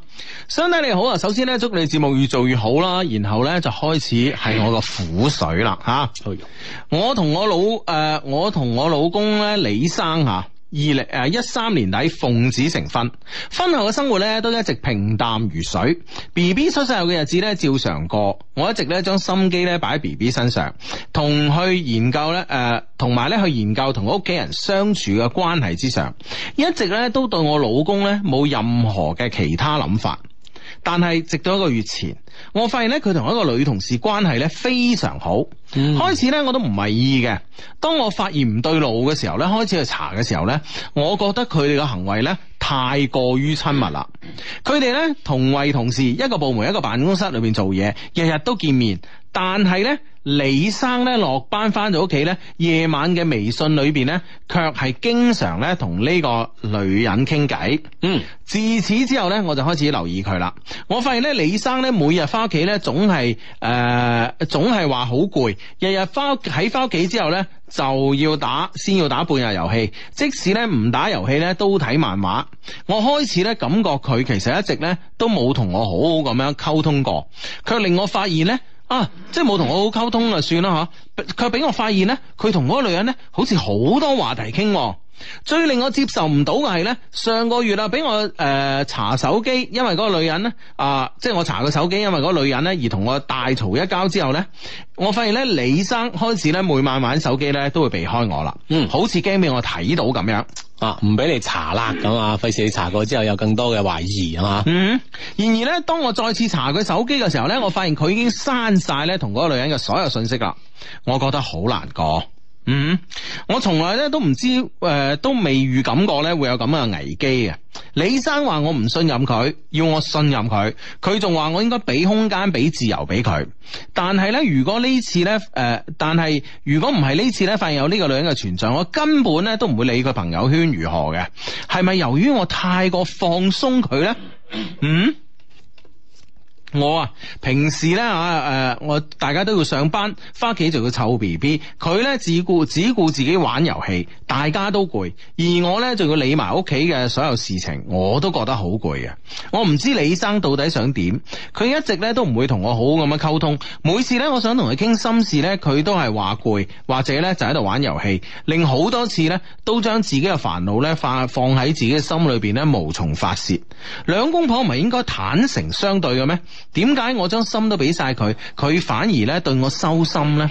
兄弟你好啊，首先咧祝你節目越做越好啦，然後咧就開始係我個苦水啦。吓的，啊、我同我老誒、呃，我同我老公咧，李生吓。啊二零誒一三年底奉子成婚，婚後嘅生活咧都一直平淡如水。B B 出世後嘅日子咧照常過，我一直咧將心機咧擺喺 B B 身上，同去研究咧誒同埋咧去研究同屋企人相處嘅關係之上，一直咧都對我老公咧冇任何嘅其他諗法。但係直到一個月前，我發現咧佢同一個女同事關係咧非常好。嗯、開始咧我都唔為意嘅，當我發現唔對路嘅時候咧，開始去查嘅時候咧，我覺得佢哋嘅行為咧太過於親密啦。佢哋咧同為同事，一個部門一個辦公室裏面做嘢，日日都見面，但係咧，李生咧落班翻到屋企咧，夜晚嘅微信裏邊咧，卻係經常咧同呢個女人傾偈。嗯，自此之後咧，我就開始留意佢啦。我發現咧，李生咧每日翻屋企咧，總係誒總係話好攰，日日翻喺翻屋企之後咧，就要打先要打半日遊戲，即使咧唔打遊戲咧都睇漫畫。我開始咧感覺佢其實一直咧都冇同我好好咁樣溝通過，佢令我發現咧。啊！即係冇同我好溝通啊，算啦吓。佢俾我發現咧，佢同嗰個女人咧，好似好多話題傾。最令我接受唔到嘅係呢，上個月啊，俾我誒查手機，因為嗰個女人呢，啊、呃，即係我查佢手機，因為嗰個女人呢，而同我大嘈一交之後呢，我發現呢，李生開始呢，每晚玩手機呢，都會避開我啦，嗯，好似驚俾我睇到咁樣啊，唔俾你查啦，咁啊，費事你查過之後有更多嘅懷疑啊嘛，嗯，然而呢，當我再次查佢手機嘅時候呢，我發現佢已經刪晒呢同嗰個女人嘅所有信息啦，我覺得好難過。嗯，我從來咧都唔知，誒、呃、都未遇感覺咧會有咁樣嘅危機嘅。李生話我唔信任佢，要我信任佢，佢仲話我應該俾空間、俾自由俾佢。但係咧，如果呢次咧，誒、呃，但係如果唔係呢次咧，發現有呢個女人嘅存在，我根本咧都唔會理佢朋友圈如何嘅。係咪由於我太過放鬆佢呢？嗯？我啊，平時咧啊，誒、呃，我大家都要上班，翻屋企仲要湊 B B，佢咧只顧只顧自己玩遊戲，大家都攰，而我咧仲要理埋屋企嘅所有事情，我都覺得好攰啊！我唔知李生到底想點，佢一直咧都唔會同我好好咁樣溝通，每次咧我想同佢傾心事咧，佢都係話攰，或者咧就喺度玩遊戲，令好多次咧都將自己嘅煩惱咧發放喺自己嘅心裏邊咧無從發泄。兩公婆唔係應該坦誠相對嘅咩？點解我將心都俾晒佢，佢反而咧對我收心呢？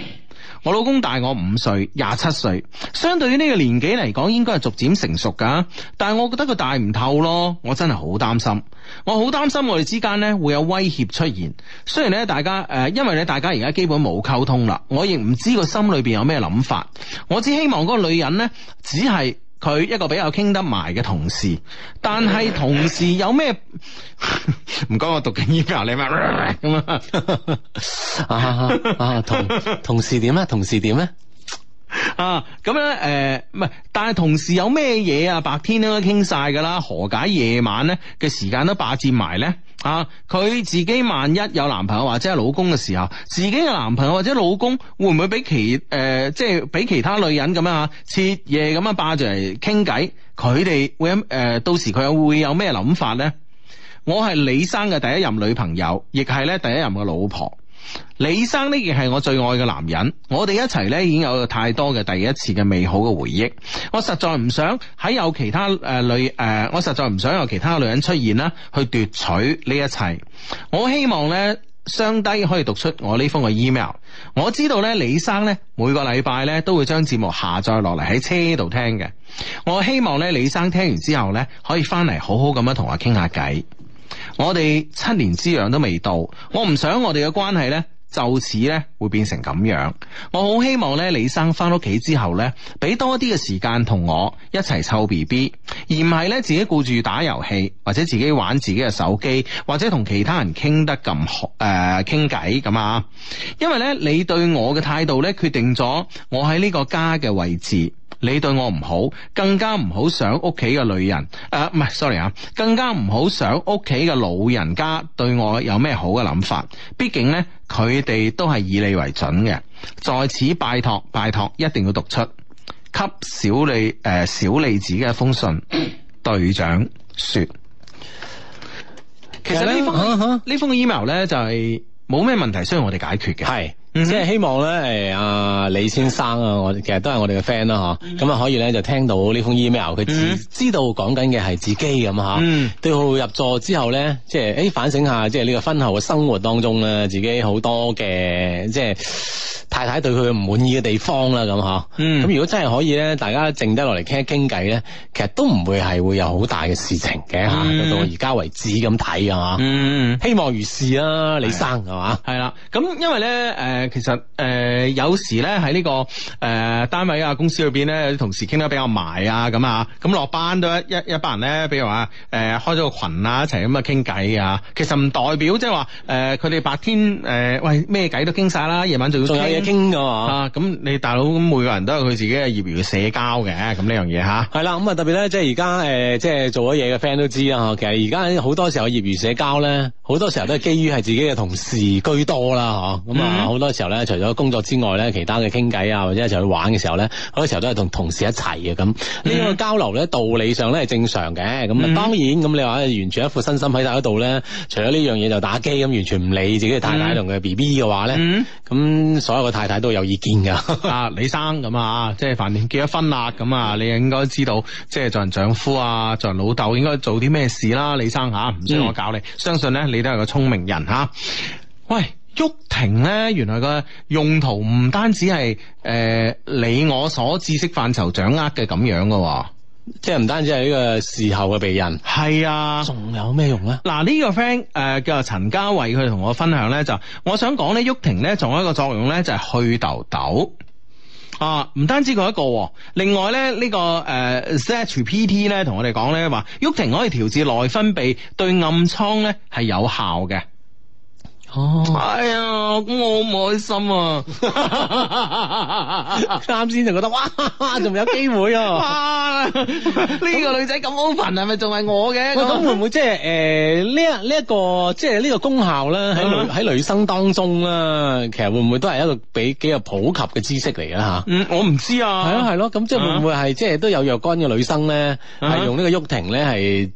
我老公大我五歲，廿七歲，相對於呢個年紀嚟講，應該係逐漸成熟噶。但係我覺得佢大唔透咯，我真係好擔心，我好擔心我哋之間咧會有威脅出現。雖然咧，大家誒、呃，因為咧，大家而家基本冇溝通啦，我亦唔知個心裏面有咩諗法。我只希望嗰個女人呢，只係佢一個比較傾得埋嘅同事，但係同事有咩唔該， [laughs] 我讀緊 email 你嘛咁 [laughs] 啊啊啊同 [laughs] 同事點咧？同事點咧？啊，咁咧，誒，唔係，但係同時有咩嘢啊？白天都傾晒噶啦，何解夜晚咧嘅時間都霸占埋咧？啊，佢自己萬一有男朋友或者係老公嘅時候，自己嘅男朋友或者老公會唔會俾其誒、呃，即係俾其他女人咁樣吓啊徹夜咁樣霸住嚟傾偈，佢哋會咁誒、呃，到時佢又會有咩諗法咧？我係李生嘅第一任女朋友，亦係咧第一任嘅老婆。李生呢亦係我最愛嘅男人，我哋一齊呢，已經有太多嘅第一次嘅美好嘅回憶，我實在唔想喺有其他誒女誒，我實在唔想有其他女人出現啦，去奪取呢一切。我希望呢，雙低可以讀出我呢封嘅 email。我知道呢，李生呢，每個禮拜呢，都會將節目下載落嚟喺車度聽嘅，我希望呢，李生聽完之後呢，可以翻嚟，好好咁樣同我傾下偈。我哋七年之癢都未到，我唔想我哋嘅關係咧，就此咧會變成咁樣。我好希望咧，李生翻屋企之後咧，俾多啲嘅時間同我一齊湊 B B，而唔係咧自己顧住打遊戲或者自己玩自己嘅手機，或者同其他人傾得咁好誒傾偈咁啊。因為咧，你對我嘅態度咧，決定咗我喺呢個家嘅位置。你對我唔好，更加唔好想屋企嘅女人。誒、呃，唔係，sorry 啊，更加唔好想屋企嘅老人家對我有咩好嘅諗法。畢竟呢，佢哋都係以你為準嘅。在此拜託，拜託，一定要讀出給小李誒、呃、小李子嘅一封信。隊 [coughs] 長說，其實呢 [coughs] 封，封呢封 email 咧就係冇咩問題需要我哋解決嘅。係。即係希望咧，誒，阿李先生啊，我哋其實都係我哋嘅 friend 啦，吓咁啊，可以咧就聽到呢封 email，佢知道講緊嘅係自己咁嚇，對號入座之後咧，即係誒反省下，即係呢個婚後嘅生活當中咧，自己好多嘅即係太太對佢唔滿意嘅地方啦，咁嚇。咁如果真係可以咧，大家靜得落嚟傾一傾偈咧，其實都唔會係會有好大嘅事情嘅嚇，到而家為止咁睇啊嚇。希望如是啦，李生係嘛？係啦，咁因為咧，誒。其實誒、呃，有時咧喺呢個誒、呃、單位啊，公司裏邊咧，有啲同事傾得比較埋啊咁啊，咁落班都一一班人咧，比如話誒、呃、開咗個群啊，一齊咁啊傾偈啊。其實唔代表即係話誒佢哋白天誒喂咩偈都傾晒啦，夜晚仲要有嘢傾噶嘛。咁你大佬咁每個人都有佢自己嘅業餘社交嘅，咁呢樣嘢吓。係、啊、啦，咁啊特別咧，即係而家誒即係做咗嘢嘅 friend 都知啊。其實而家好多時候業餘社交咧，好多時候都係基於係自己嘅同事居多啦。嗬、啊，咁啊好 [noise] 多。時候咧，除咗工作之外咧，其他嘅傾偈啊，或者一齊去玩嘅時候咧，好多時候都係同同事一齊嘅咁。呢個交流咧，mm. 道理上咧係正常嘅。咁啊，當然咁、mm. 你話完全一副身心喺晒嗰度咧，除咗呢樣嘢就打機咁，完全唔理自己嘅太太同佢嘅 B B 嘅話咧，咁、mm. 所有嘅太太都有意見噶。啊， [laughs] 李生咁啊，即係反正結咗婚啦，咁啊，你應該知道即係做人丈夫啊，做人老豆應該做啲咩事啦，李生吓，唔需要我教你，mm. 相信咧你都係個聰明人吓。喂，毓婷咧，原來個用途，唔單止係誒、呃、你我所知識範疇掌握嘅咁樣噶，即係唔單止係呢個事後嘅避孕。係啊，仲有咩用咧？嗱呢、這個 friend 誒、呃、叫陳家慧，佢同我分享咧，就我想講咧，毓婷咧仲有一個作用咧就係、是、去痘痘啊，唔單止佢一個。另外咧呢、這個誒 ChatGPT、呃、咧同我哋講咧話，毓婷可以調節內分泌，對暗瘡咧係有效嘅。哦，哎呀，咁我好唔開心啊！啱先就覺得哇，仲有機會啊！呢、 [laughs] 這個女仔咁 open，係咪仲係我嘅？咁會唔會即係誒呢一呢一個即係呢個功效咧？喺女喺女生當中咧，其實會唔會都係一個比比較普及嘅知識嚟嘅吓？我唔知啊。係咯係咯，咁即係會唔會係即係都有若干嘅女生咧，係、嗯、用呢個玉婷咧係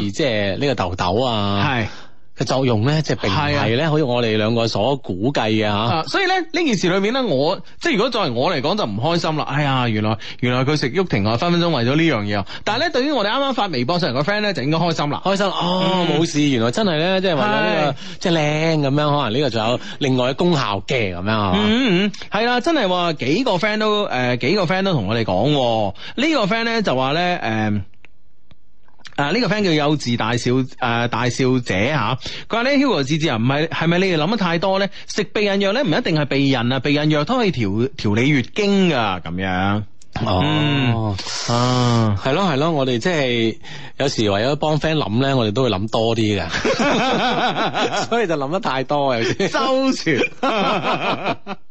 治即係呢個痘痘啊？係、啊。 [laughs] 嘅作用咧，即係並唔係咧，好似我哋兩個所估計嘅嚇、啊。所以咧，呢件事裏面咧，我即係如果作為我嚟講就唔開心啦。哎呀，原來原來佢食毓婷，我分分鐘為咗呢樣嘢啊！但係咧，對於我哋啱啱發微博上嚟個 friend 咧，就應該開心啦，開心哦，冇、嗯、事，原來真係咧，即係話呢個是即係靚咁樣，可能呢個仲有另外嘅功效嘅咁樣啊。嗯嗯，係啦，真係話幾個 friend 都誒、呃、幾個 friend 都同我哋講呢個 friend 咧就話咧誒。呃這個誒，呢、啊，這個 friend 叫幼稚大小誒、呃、大小姐吓，佢話咧，Hugo 智智啊，唔係，係咪你哋諗得太多咧？食避孕藥咧，唔一定係避孕啊，避孕藥都可以調調理月經噶，咁樣哦、嗯、啊，係咯係咯，我哋即係有時為咗幫 friend 諗咧，我哋都會諗多啲嘅。 [laughs] [laughs] 所以就諗得太多有時啊， [laughs] 周旋潮。 [laughs]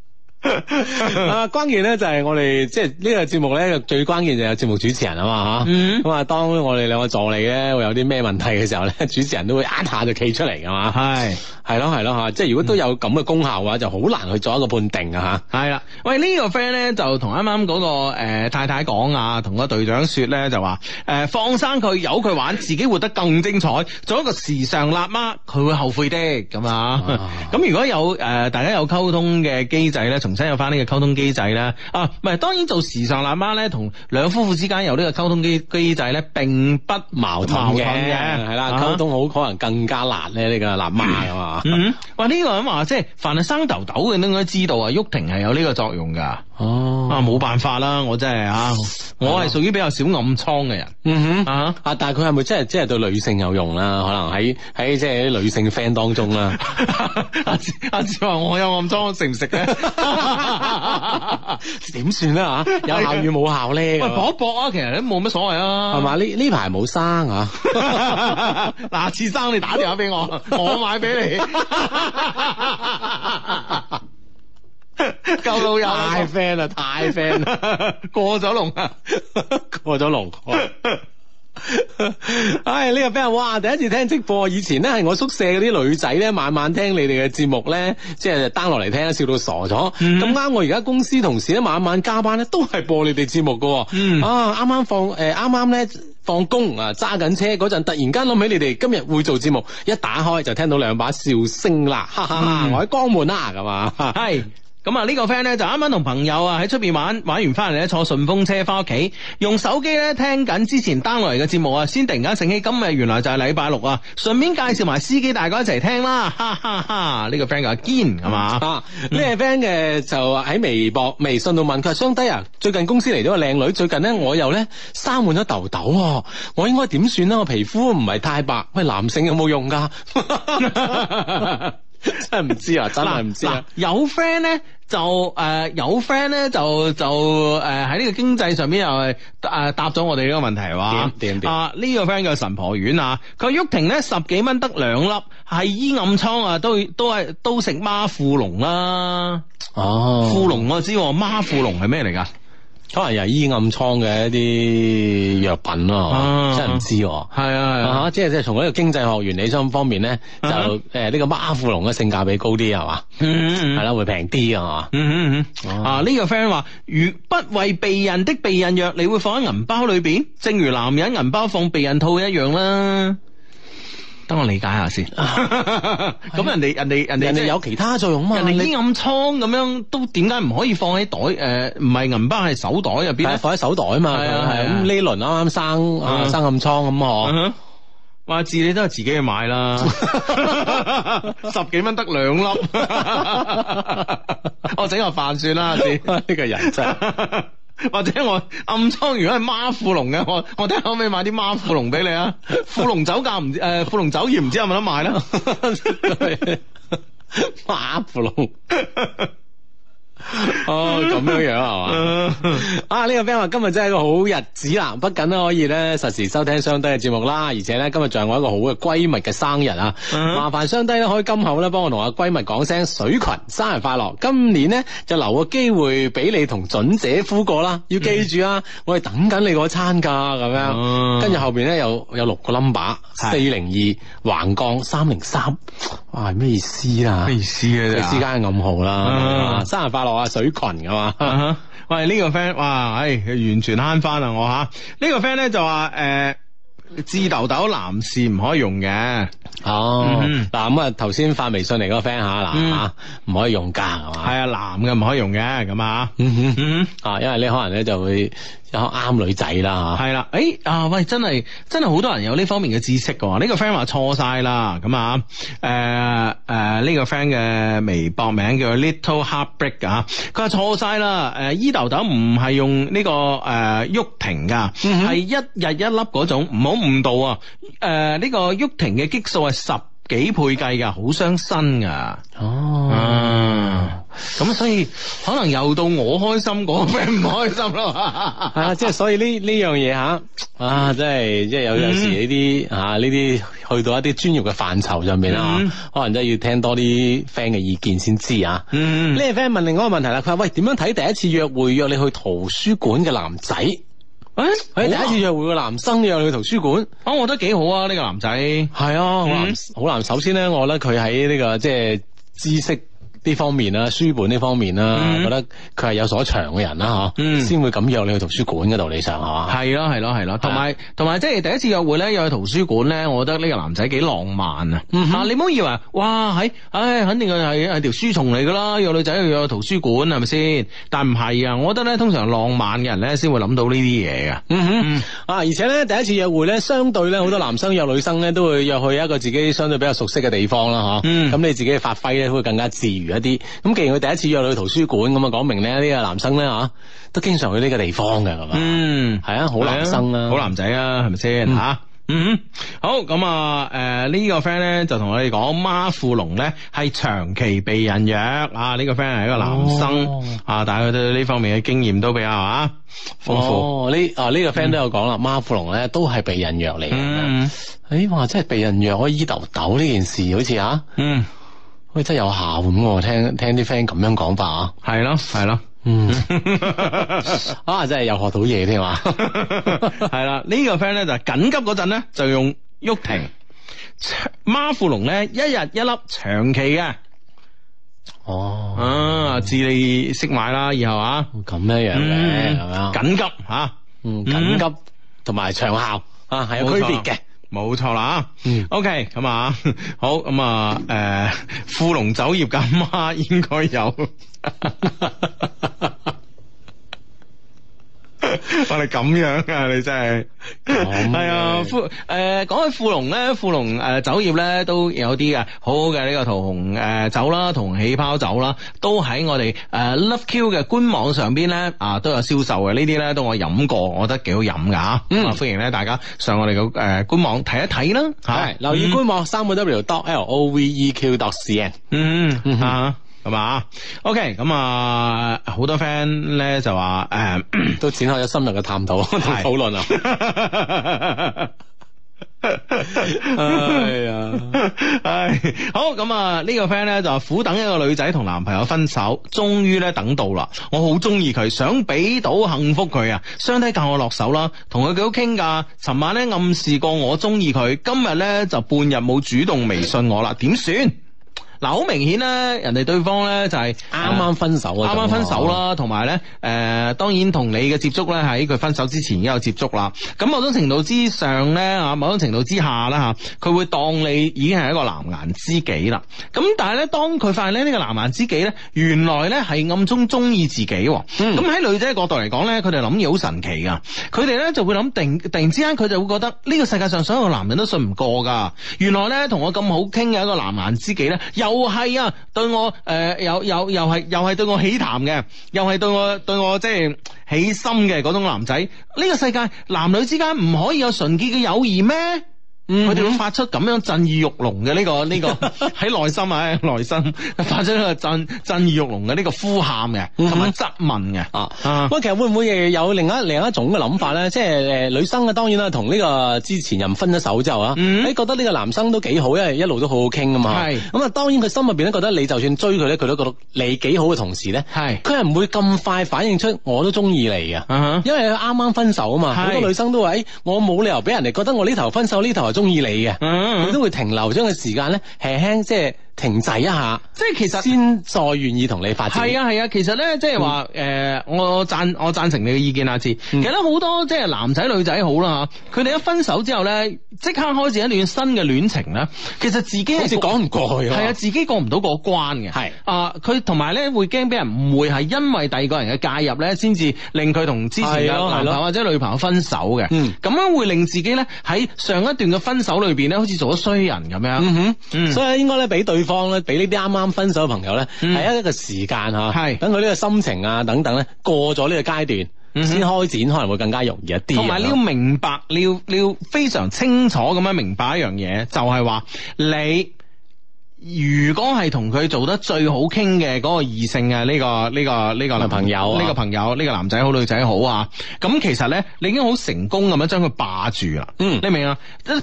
[laughs] 啊，關鍵咧就係、是，我哋即係呢個節目咧，最關鍵就有節目主持人啊嘛吓。咁啊，當我哋兩個助理咧會有啲咩問題嘅時候咧，主持人都會一下就企出嚟噶嘛。係是，係咯係咯吓，即係如果都有咁嘅功效嘅話，嗯、就好難去做一個判定啊吓。係啦，喂、這個、呢剛剛、那個 friend 咧就同啱啱嗰個誒太太講啊，同個隊長說咧就話誒、呃、放生佢，由佢玩，自己活得更精彩。做一個時尚辣媽，佢會後悔的咁啊。咁、啊、 [laughs] 如果有誒、呃、大家有溝通嘅機制咧，從唔使有翻呢個溝通機制啦啊，唔係當然做時尚辣媽咧，同兩夫婦之間有個溝呢個溝通機機制咧，並不矛盾嘅。係啦，溝了、啊、通好可能更加難咧呢個辣媽啊嘛，嗯，呢個人話，即係凡係生痘痘嘅都應該知道啊，玉婷係有呢個作用噶。哦、啊，啊冇辦法啦，我真係啊，我係屬於比較少暗瘡嘅人，嗯哼啊，但係佢係咪真係真係對女性有用啦？可能喺喺即係女性 friend 當中啦，阿阿子話我有暗瘡，食唔食咧？ [laughs] 點算啦吓，有效與冇效咧，搏一搏啊！其實都冇乜所謂啊，係嘛？呢呢排冇生啊，嗱，次生你打電話俾我，我買俾你，夠老友太 friend 啦，太 friend 啦，過咗龍啊，過咗龍啊！唉，呢個俾人哇！第一次聽直播，以前呢係我宿舍嗰啲女仔呢，晚晚聽你哋嘅節目呢，即係 down 落嚟聽，笑到傻咗。咁啱、mm hmm. 我而家公司同事呢，晚晚加班呢都係播你哋節目噶。啊，啱啱放誒，啱啱咧放工啊，揸緊車嗰陣突然間諗起你哋今日會做節目，一打開就聽到兩把笑聲啦，哈哈哈！我喺江門啦、啊，係嘛？咁啊呢個 friend 咧就啱啱同朋友啊喺出邊玩玩完翻嚟咧坐順風車翻屋企，用手機咧聽緊之前 download 嚟嘅節目啊，先突然間醒起今日原來就係禮拜六啊，順便介紹埋司機大哥一齊聽啦，哈哈哈，哈！呢、這個 friend、嗯啊這個、就堅係嘛，咩 friend 嘅就喺微博、微信度問佢話傷低啊，嗯、最近公司嚟咗個靚女，最近呢我又咧生滿咗痘痘喎，我應該點算咧？我皮膚唔係太白，喂男性有冇用噶？ [laughs] [laughs] [laughs] 真係唔知啊，真係唔知有 friend 咧。就誒、呃、有 friend 咧，就就誒喺呢個經濟上邊又係誒、啊、答咗我哋呢個問題係嘛？啊呢個 friend 叫神婆丸啊，佢鬱婷咧十幾蚊得兩粒，係醫暗瘡啊，都都係都食孖富龍啦。哦，富龍我知喎，孖富龍係咩嚟㗎？可能又係醫暗瘡嘅一啲藥品咯，真係唔知喎。係啊，吓，即係即係從嗰個經濟學原理上方面咧，啊、就誒呢、呃，這個媽富隆嘅性價比高啲係嘛，係啦，會平啲啊嘛。嗯嗯嗯。啊呢、啊、個 friend 話，如不為避孕的避孕藥，你會放喺銀包裏邊，正如男人銀包放避孕套一樣啦。等我理解下先，咁人哋人哋人哋有其他作用啊嘛，啲暗瘡咁樣都點解唔可以放喺袋？誒，唔係銀包，係手袋入邊，可以放喺手袋啊嘛。係啊，咁呢輪啱啱生生暗瘡咁啊，話字你都係自己去買啦，十幾蚊得兩粒，我整個飯算啦，呢個人真。或者我暗瘡如果係孖富龍嘅，我我睇下可唔可以買啲孖富龍俾你啊 [laughs] 富、呃？富龍酒價唔知誒 [laughs] [laughs] [laughs] 媽富龍酒業唔知有冇得賣啦？孖富龍。哦、oh,，咁樣樣係嘛？啊，呢、這個 friend 話今日真係一個好日子啦，不僅都可以咧實時收聽雙低嘅節目啦，而且咧今日仲係我一個好嘅閨蜜嘅生日啊！Uh huh. 麻煩雙低咧，可以今後咧幫我同阿閨蜜講聲水群生日快樂。今年咧就留個機會俾你同準姐夫過啦，要記住啊，mm. 我哋等緊你嗰餐噶咁樣。跟住後邊咧有有六個 number，四零二橫槓三零三，哇係咩意思啊？咩意思啊？即之間暗號啦。Uh huh. 生日快樂！啊、哦、水群噶嘛，uh huh. 嗯、喂呢、呢個 friend，哇，唉、哎、完全慳翻啦我吓，呢、呢個 friend 咧就話誒、呃，智豆豆男士唔可以用嘅，哦嗱咁、mm hmm. 啊頭先發微信嚟嗰個 friend 吓嗱吓，唔、mm hmm. 可以用噶係嘛？係啊男嘅唔可以用嘅咁啊，啊因為呢可能咧就會。啱、哦、女仔啦，係啦，誒、哎、啊喂，真係真係好多人有呢方面嘅知識㗎喎，呢個 friend 話錯晒啦，咁啊，誒誒呢個 friend 嘅、啊呃呃這個、微博名叫 Little Heartbreak 啊，佢話錯晒啦，誒、呃、伊豆豆唔係用呢、這個誒毓婷㗎，係、呃嗯、哼一日一粒嗰種，唔好誤導啊，誒、呃、呢、這個毓婷嘅激素係十。幾倍計噶，好傷身噶。哦，咁、啊嗯、所以可能又到我開心，我 friend 唔開心啦。啊，即係所以呢呢樣嘢吓，啊真係即係有有時呢啲吓呢啲去到一啲專業嘅範疇上面，啦，可能真係要聽多啲 friend 嘅意見先知啊。嗯，呢個 friend 問另外一個問題啦，佢話喂，點樣睇第一次約會約你去圖書館嘅男仔？誒，第一次約會嘅男生約你去圖書館，啊，我覺得幾好啊！呢、這個男仔係啊，好難、嗯、好難首先咧，我覺得佢喺呢個即係、就是、知識。呢方面啦，書本呢方面啦，嗯、覺得佢係有所長嘅人啦，嗬、嗯，先會咁約你去圖書館嘅道理上，嚇。係咯，係咯，係咯的。同埋同埋，即係第一次約會咧，又去圖書館咧、嗯哼啊哎，我覺得呢個男仔幾浪漫啊！你唔好以為，哇，喺，肯定係係條書蟲嚟噶啦，約女仔去個圖書館係咪先？但唔係啊，我覺得咧，通常浪漫嘅人咧，先會諗到呢啲嘢啊。嗯、啊，而且咧，第一次約會咧，相對咧，好、嗯、多男生約女生咧，都會約去一個自己相對比較熟悉嘅地方啦，嗬、啊。咁、嗯嗯、你自己發揮咧，會更加自如。一啲咁，既然佢第一次約你去圖書館，咁啊，講明咧呢個男生咧吓，都經常去呢個地方嘅，係嘛？嗯，係啊，好男生啊，好男仔啊，係咪先吓？嗯，好，咁啊，誒呢個 friend 咧就同我哋講，媽富隆咧係長期避孕藥啊，呢個 friend 係一個男生啊，但係佢對呢方面嘅經驗都比較啊豐富。哦，呢啊呢個 friend 都有講啦，媽富隆咧都係避孕藥嚟。嗯，誒，哇，真係避孕藥可以醫豆豆呢件事，好似啊。嗯。喂，真係有效咁喎！聽聽啲 friend 咁樣講法啊，係咯，係咯，嗯， [laughs] [laughs] 啊，真係又學到嘢添嘛，係啦， [laughs] [laughs] 這個、呢個 friend 咧就緊、是、急嗰陣咧就用毓婷、媽、嗯、富隆咧一日一粒長期嘅，哦，啊，知你識買啦，以後啊，咁樣樣嘅，係咪、嗯、啊？緊急吓，嗯，緊急同埋、嗯、長效啊，係有區別嘅。錯錯冇錯啦，嗯，OK，咁啊、嗯，好，咁啊，誒、呃、富龍酒業嘅阿媽,媽應該有。 [laughs] [laughs] 我哋咁樣啊！你真係係啊富，誒，講起富龍咧，富龍誒、呃、酒業咧都有啲啊，好好嘅呢個桃紅誒、呃、酒啦，同氣泡酒啦，都喺我哋誒、呃、Love Q 嘅官網上邊咧啊都有銷售嘅，呢啲咧都我飲過，我覺得幾好飲噶吓。嗯，歡迎咧大家上我哋嘅誒官網睇一睇啦，係是、啊、留意官網三個 W dot L O V E Q dot C N。嗯嗯啊。嗯嗯咁啊，OK，咁啊，好、okay，啊、多 friend 咧就話誒，uh，都展開咗深入嘅探討同討論啊。哎、這、呀、個，唉，好，咁啊，呢個 friend 咧就苦等一個女仔同男朋友分手，終於咧等到啦。我好中意佢，想俾到幸福佢啊，雙低教我落手啦，同佢幾好傾噶。尋晚咧暗示過我中意佢，今日咧就半日冇主動微信我啦，點算？嗱，好明顯咧，人哋對方咧就係啱啱分手啊，啱啱、呃、分手啦，同埋咧，誒、呃、當然同你嘅接觸咧，喺佢分手之前已經有接觸啦。咁某種程度之上咧，嚇，某種程度之下啦，嚇，佢會當你已經係一個藍顏知己啦。咁但係咧，當佢發現咧呢個藍顏知己咧，原來咧係暗中中意自己喎、啊。咁喺、嗯、女仔嘅角度嚟講咧，佢哋諗嘢好神奇噶。佢哋咧就會諗，定突然之間佢就會覺得呢個世界上所有男人都信唔過㗎。原來咧同我咁好傾嘅一個藍顏知己咧，又哦，係啊！對我誒、呃，又又又係，又係對我喜談嘅，又係對我對我即係、即係、起心嘅嗰種男仔。呢、呢個世界男女之間唔可以有純潔嘅友誼咩？佢哋會發出咁樣震耳欲聾嘅呢個呢個喺內心啊內心發出呢個震震耳欲聾嘅呢個呼喊嘅咁樣質問嘅啊，喂，其實會唔會有另一另一種嘅諗法咧？即係誒女生啊，當然啦，同呢個之前人分咗手之後啊，你覺得呢個男生都幾好，因為一路都好好傾噶嘛。咁啊，當然佢心入邊咧覺得你就算追佢咧，佢都覺得你幾好嘅同時咧，佢係唔會咁快反應出我都中意你嘅，因為啱啱分手啊嘛，好多女生都話我冇理由俾人哋覺得我呢頭分手呢頭係中中意你嘅，佢都會停留，將個時間咧輕輕即係。停滯一下，即係其實先再願意同你發展。係啊係啊，其實咧即係話誒，我贊我贊成你嘅意見阿志。嗯、其實多好多即係男仔女仔好啦，佢哋一分手之後咧，即刻開始一段新嘅戀情咧，其實自己好似講唔過去。係啊，自己過唔到個關嘅。係的啊，佢同埋咧會驚俾人誤會，係因為第二個人嘅介入咧，先至令佢同之前嘅男朋友或者女朋友分手嘅。嗯，咁樣會令自己咧喺上一段嘅分手裏邊咧，好似做咗衰人咁樣。嗯嗯嗯、所以應該咧俾對。方咧，俾呢啲啱啱分手嘅朋友咧，係、嗯、一個時間吓，係等佢呢個心情啊等等咧，過咗呢個階段，先、嗯、哼開展可能會更加容易一啲。同埋你要明白，你要你要非常清楚咁樣明白一樣嘢，嗯、就係話你。如果係同佢做得最好傾嘅嗰個異性嘅，呢個呢個呢個朋友，呢個朋友呢個男仔好女仔好啊，咁其實呢，你已經好成功咁樣將佢霸住啦。嗯，你明啊？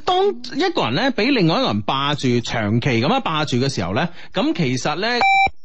當一個人呢，俾另外一個人霸住，長期咁樣霸住嘅時候呢，咁其實呢。 [noise]